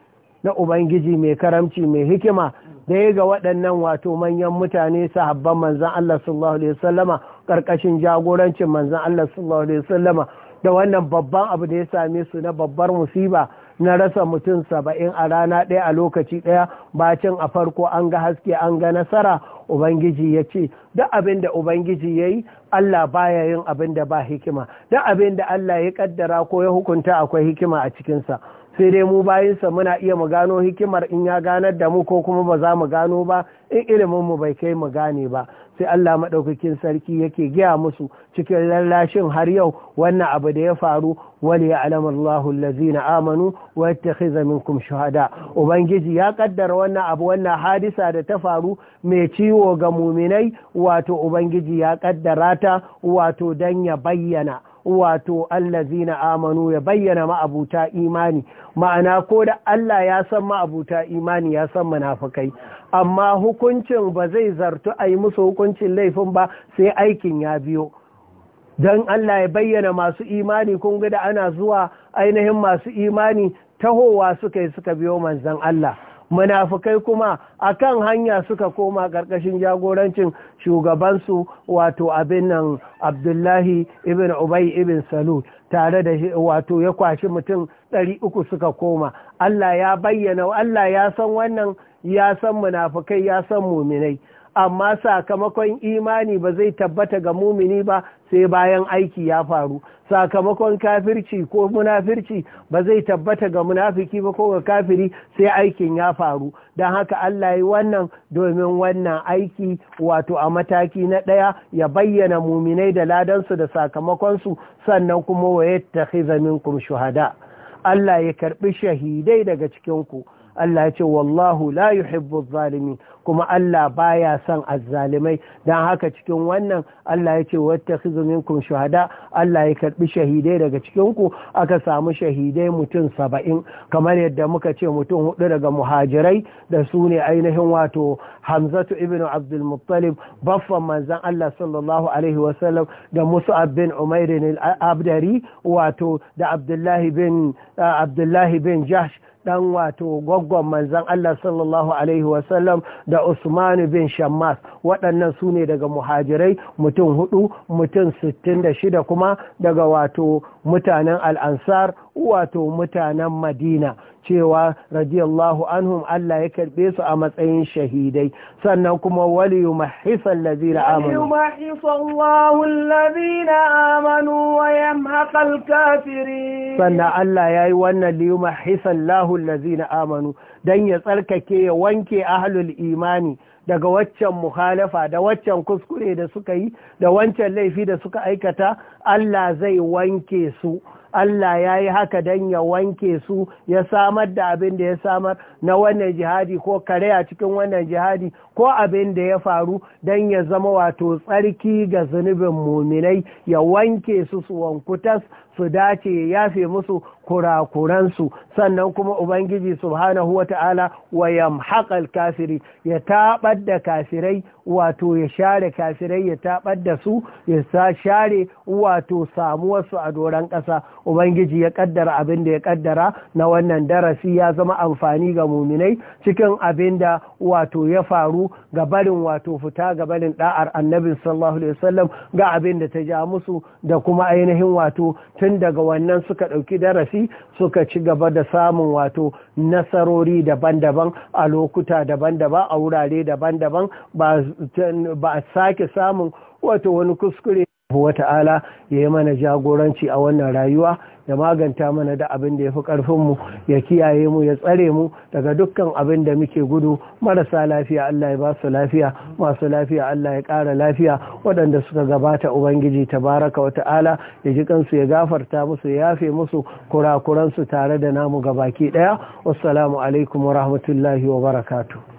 na ubangiji mai karamci mai hikima da ya ga waɗannan wato manyan mutane sahabban manzan Allah sallallahu alaihi wasallama karkashin jagorancin manzan Allah sallallahu alaihi wasallama da wannan babban abu da ya same su na babbar musiba na rasa mutum saba'in a rana ɗaya a lokaci ɗaya bacin a farko an ga haske an ga nasara ubangiji ya ce duk abin da ubangiji ya yi allah baya yin abin da ba hikima Da abin da allah ya kaddara ko ya hukunta akwai hikima a cikinsa sai dai mu bayinsa muna iya mu gano hikimar in ya ganar da mu ko kuma ba za mu gano ba in ilimin mu bai kai mu gane ba sai Allah maɗaukakin sarki yake gaya musu cikin lallashin har yau wannan abu da ya faru wali ya alama Allah allazina amanu wa yattakhiza minkum shahada. ubangiji ya kaddara wannan abu wannan hadisa da ta faru mai ciwo ga muminai wato ubangiji ya kaddara ta wato dan ya bayyana wato zina amanu ya bayyana ma'abuta imani ma'ana ko da Allah ya san ma'abuta imani ya san munafukai. amma hukuncin ba zai zartu a yi musu hukuncin laifin ba sai aikin ya biyo don Allah ya bayyana masu imani kun ga da ana zuwa ainihin masu imani tahowa suka yi suka biyo manzon Allah munafukai kuma a kan hanya suka koma ƙarƙashin jagorancin shugabansu wato abin nan abdullahi ibn Ubai ibn salul tare da wato ya kwashi mutum ɗari uku suka koma Allah ya bayyana Allah ya san wannan ya san munafukai ya san muminai amma sakamakon imani ba zai tabbata ga mumini ba sai bayan aiki ya faru sakamakon kafirci ko munafirci ba zai tabbata ga munafiki ba ko ga kafiri sai aikin ya faru don haka Allah yi wannan domin wannan aiki wato a mataki na ɗaya ya bayyana muminai da ladansu da sakamakonsu sannan kuma wa zamin kum shuhada Allah ya karɓi shahidai daga cikinku Allah ya ce wallahu la yuhibbu zalimi kuma Allah baya son azzalimai dan haka cikin wannan Allah ya ce hizumin kun shahada. Allah ya karbi shahidai daga cikin ku aka samu shahidai mutum saba'in kamar yadda muka ce mutum hudu daga muhajirai da su ne ainihin wato Hamzatu ibn Abdul Muttalib baffan Manzan, Allah sallallahu alaihi wasallam da Mus'ab bin umairin al wato da Abdullahi bin Abdullahi ɗan wato gwaggon manzan Allah sallallahu Alaihi wasallam da Usman bin Shammas waɗannan su ne daga muhajirai mutum hudu mutum sittin da shida kuma daga wato mutanen al'ansar wato mutanen madina cewa radiyallahu anhum Allah ya karbe su a matsayin shahidai sannan kuma wali yumahhisa allazina amanu yumahhisa Allahu allazina amanu wa yamhaqa alkafirin sannan Allah yayi wannan li yumahhisa Allahu allazina amanu dan ya tsarkake ya wanke ahlul imani daga waccan muhalafa da waccan kuskure da suka yi da wancan laifi da suka aikata Allah zai wanke su Allah ya yi haka don ya wanke su ya samar da abin da ya samar na wannan jihadi ko kare a cikin wannan jihadi ko abin da ya faru don ya zama wato tsarki ga zunubin muminai ya wanke su su wankutas su dace ya yafe musu kurakuransu sannan kuma ubangiji subhanahu wata'ala wa yamhaqal kafiri ya tabar da kafirai wato ya share kafirai ya tabar da su ya sa share wato samuwarsu a doron ƙasa ubangiji ya ƙaddara abin da ya ƙaddara na wannan darasi ya zama amfani ga muminai cikin abin da wato ya faru ga barin wato fita ga barin da'ar annabin sallallahu alaihi wasallam ga abin da ta ja musu da kuma ainihin wato tun daga wannan suka ɗauki darasi darasi suka ci gaba da samun wato nasarori daban-daban a lokuta daban-daban a wurare daban-daban ba a sake samun wato wani kuskure wata'ala ya yi mana jagoranci a wannan rayuwa ya maganta mana da abin da ya fi ƙarfinmu ya kiyaye mu ya tsare mu daga dukkan abin da muke gudu marasa lafiya Allah ya ba su lafiya masu lafiya Allah ya ƙara lafiya waɗanda suka gabata Ubangiji tabaraka wa ta'ala ya ji kansu ya gafarta musu ya yafe musu kurakuransu tare da namu gabaki ɗaya wassalamu alaikum wa rahmatullahi wa barakatuh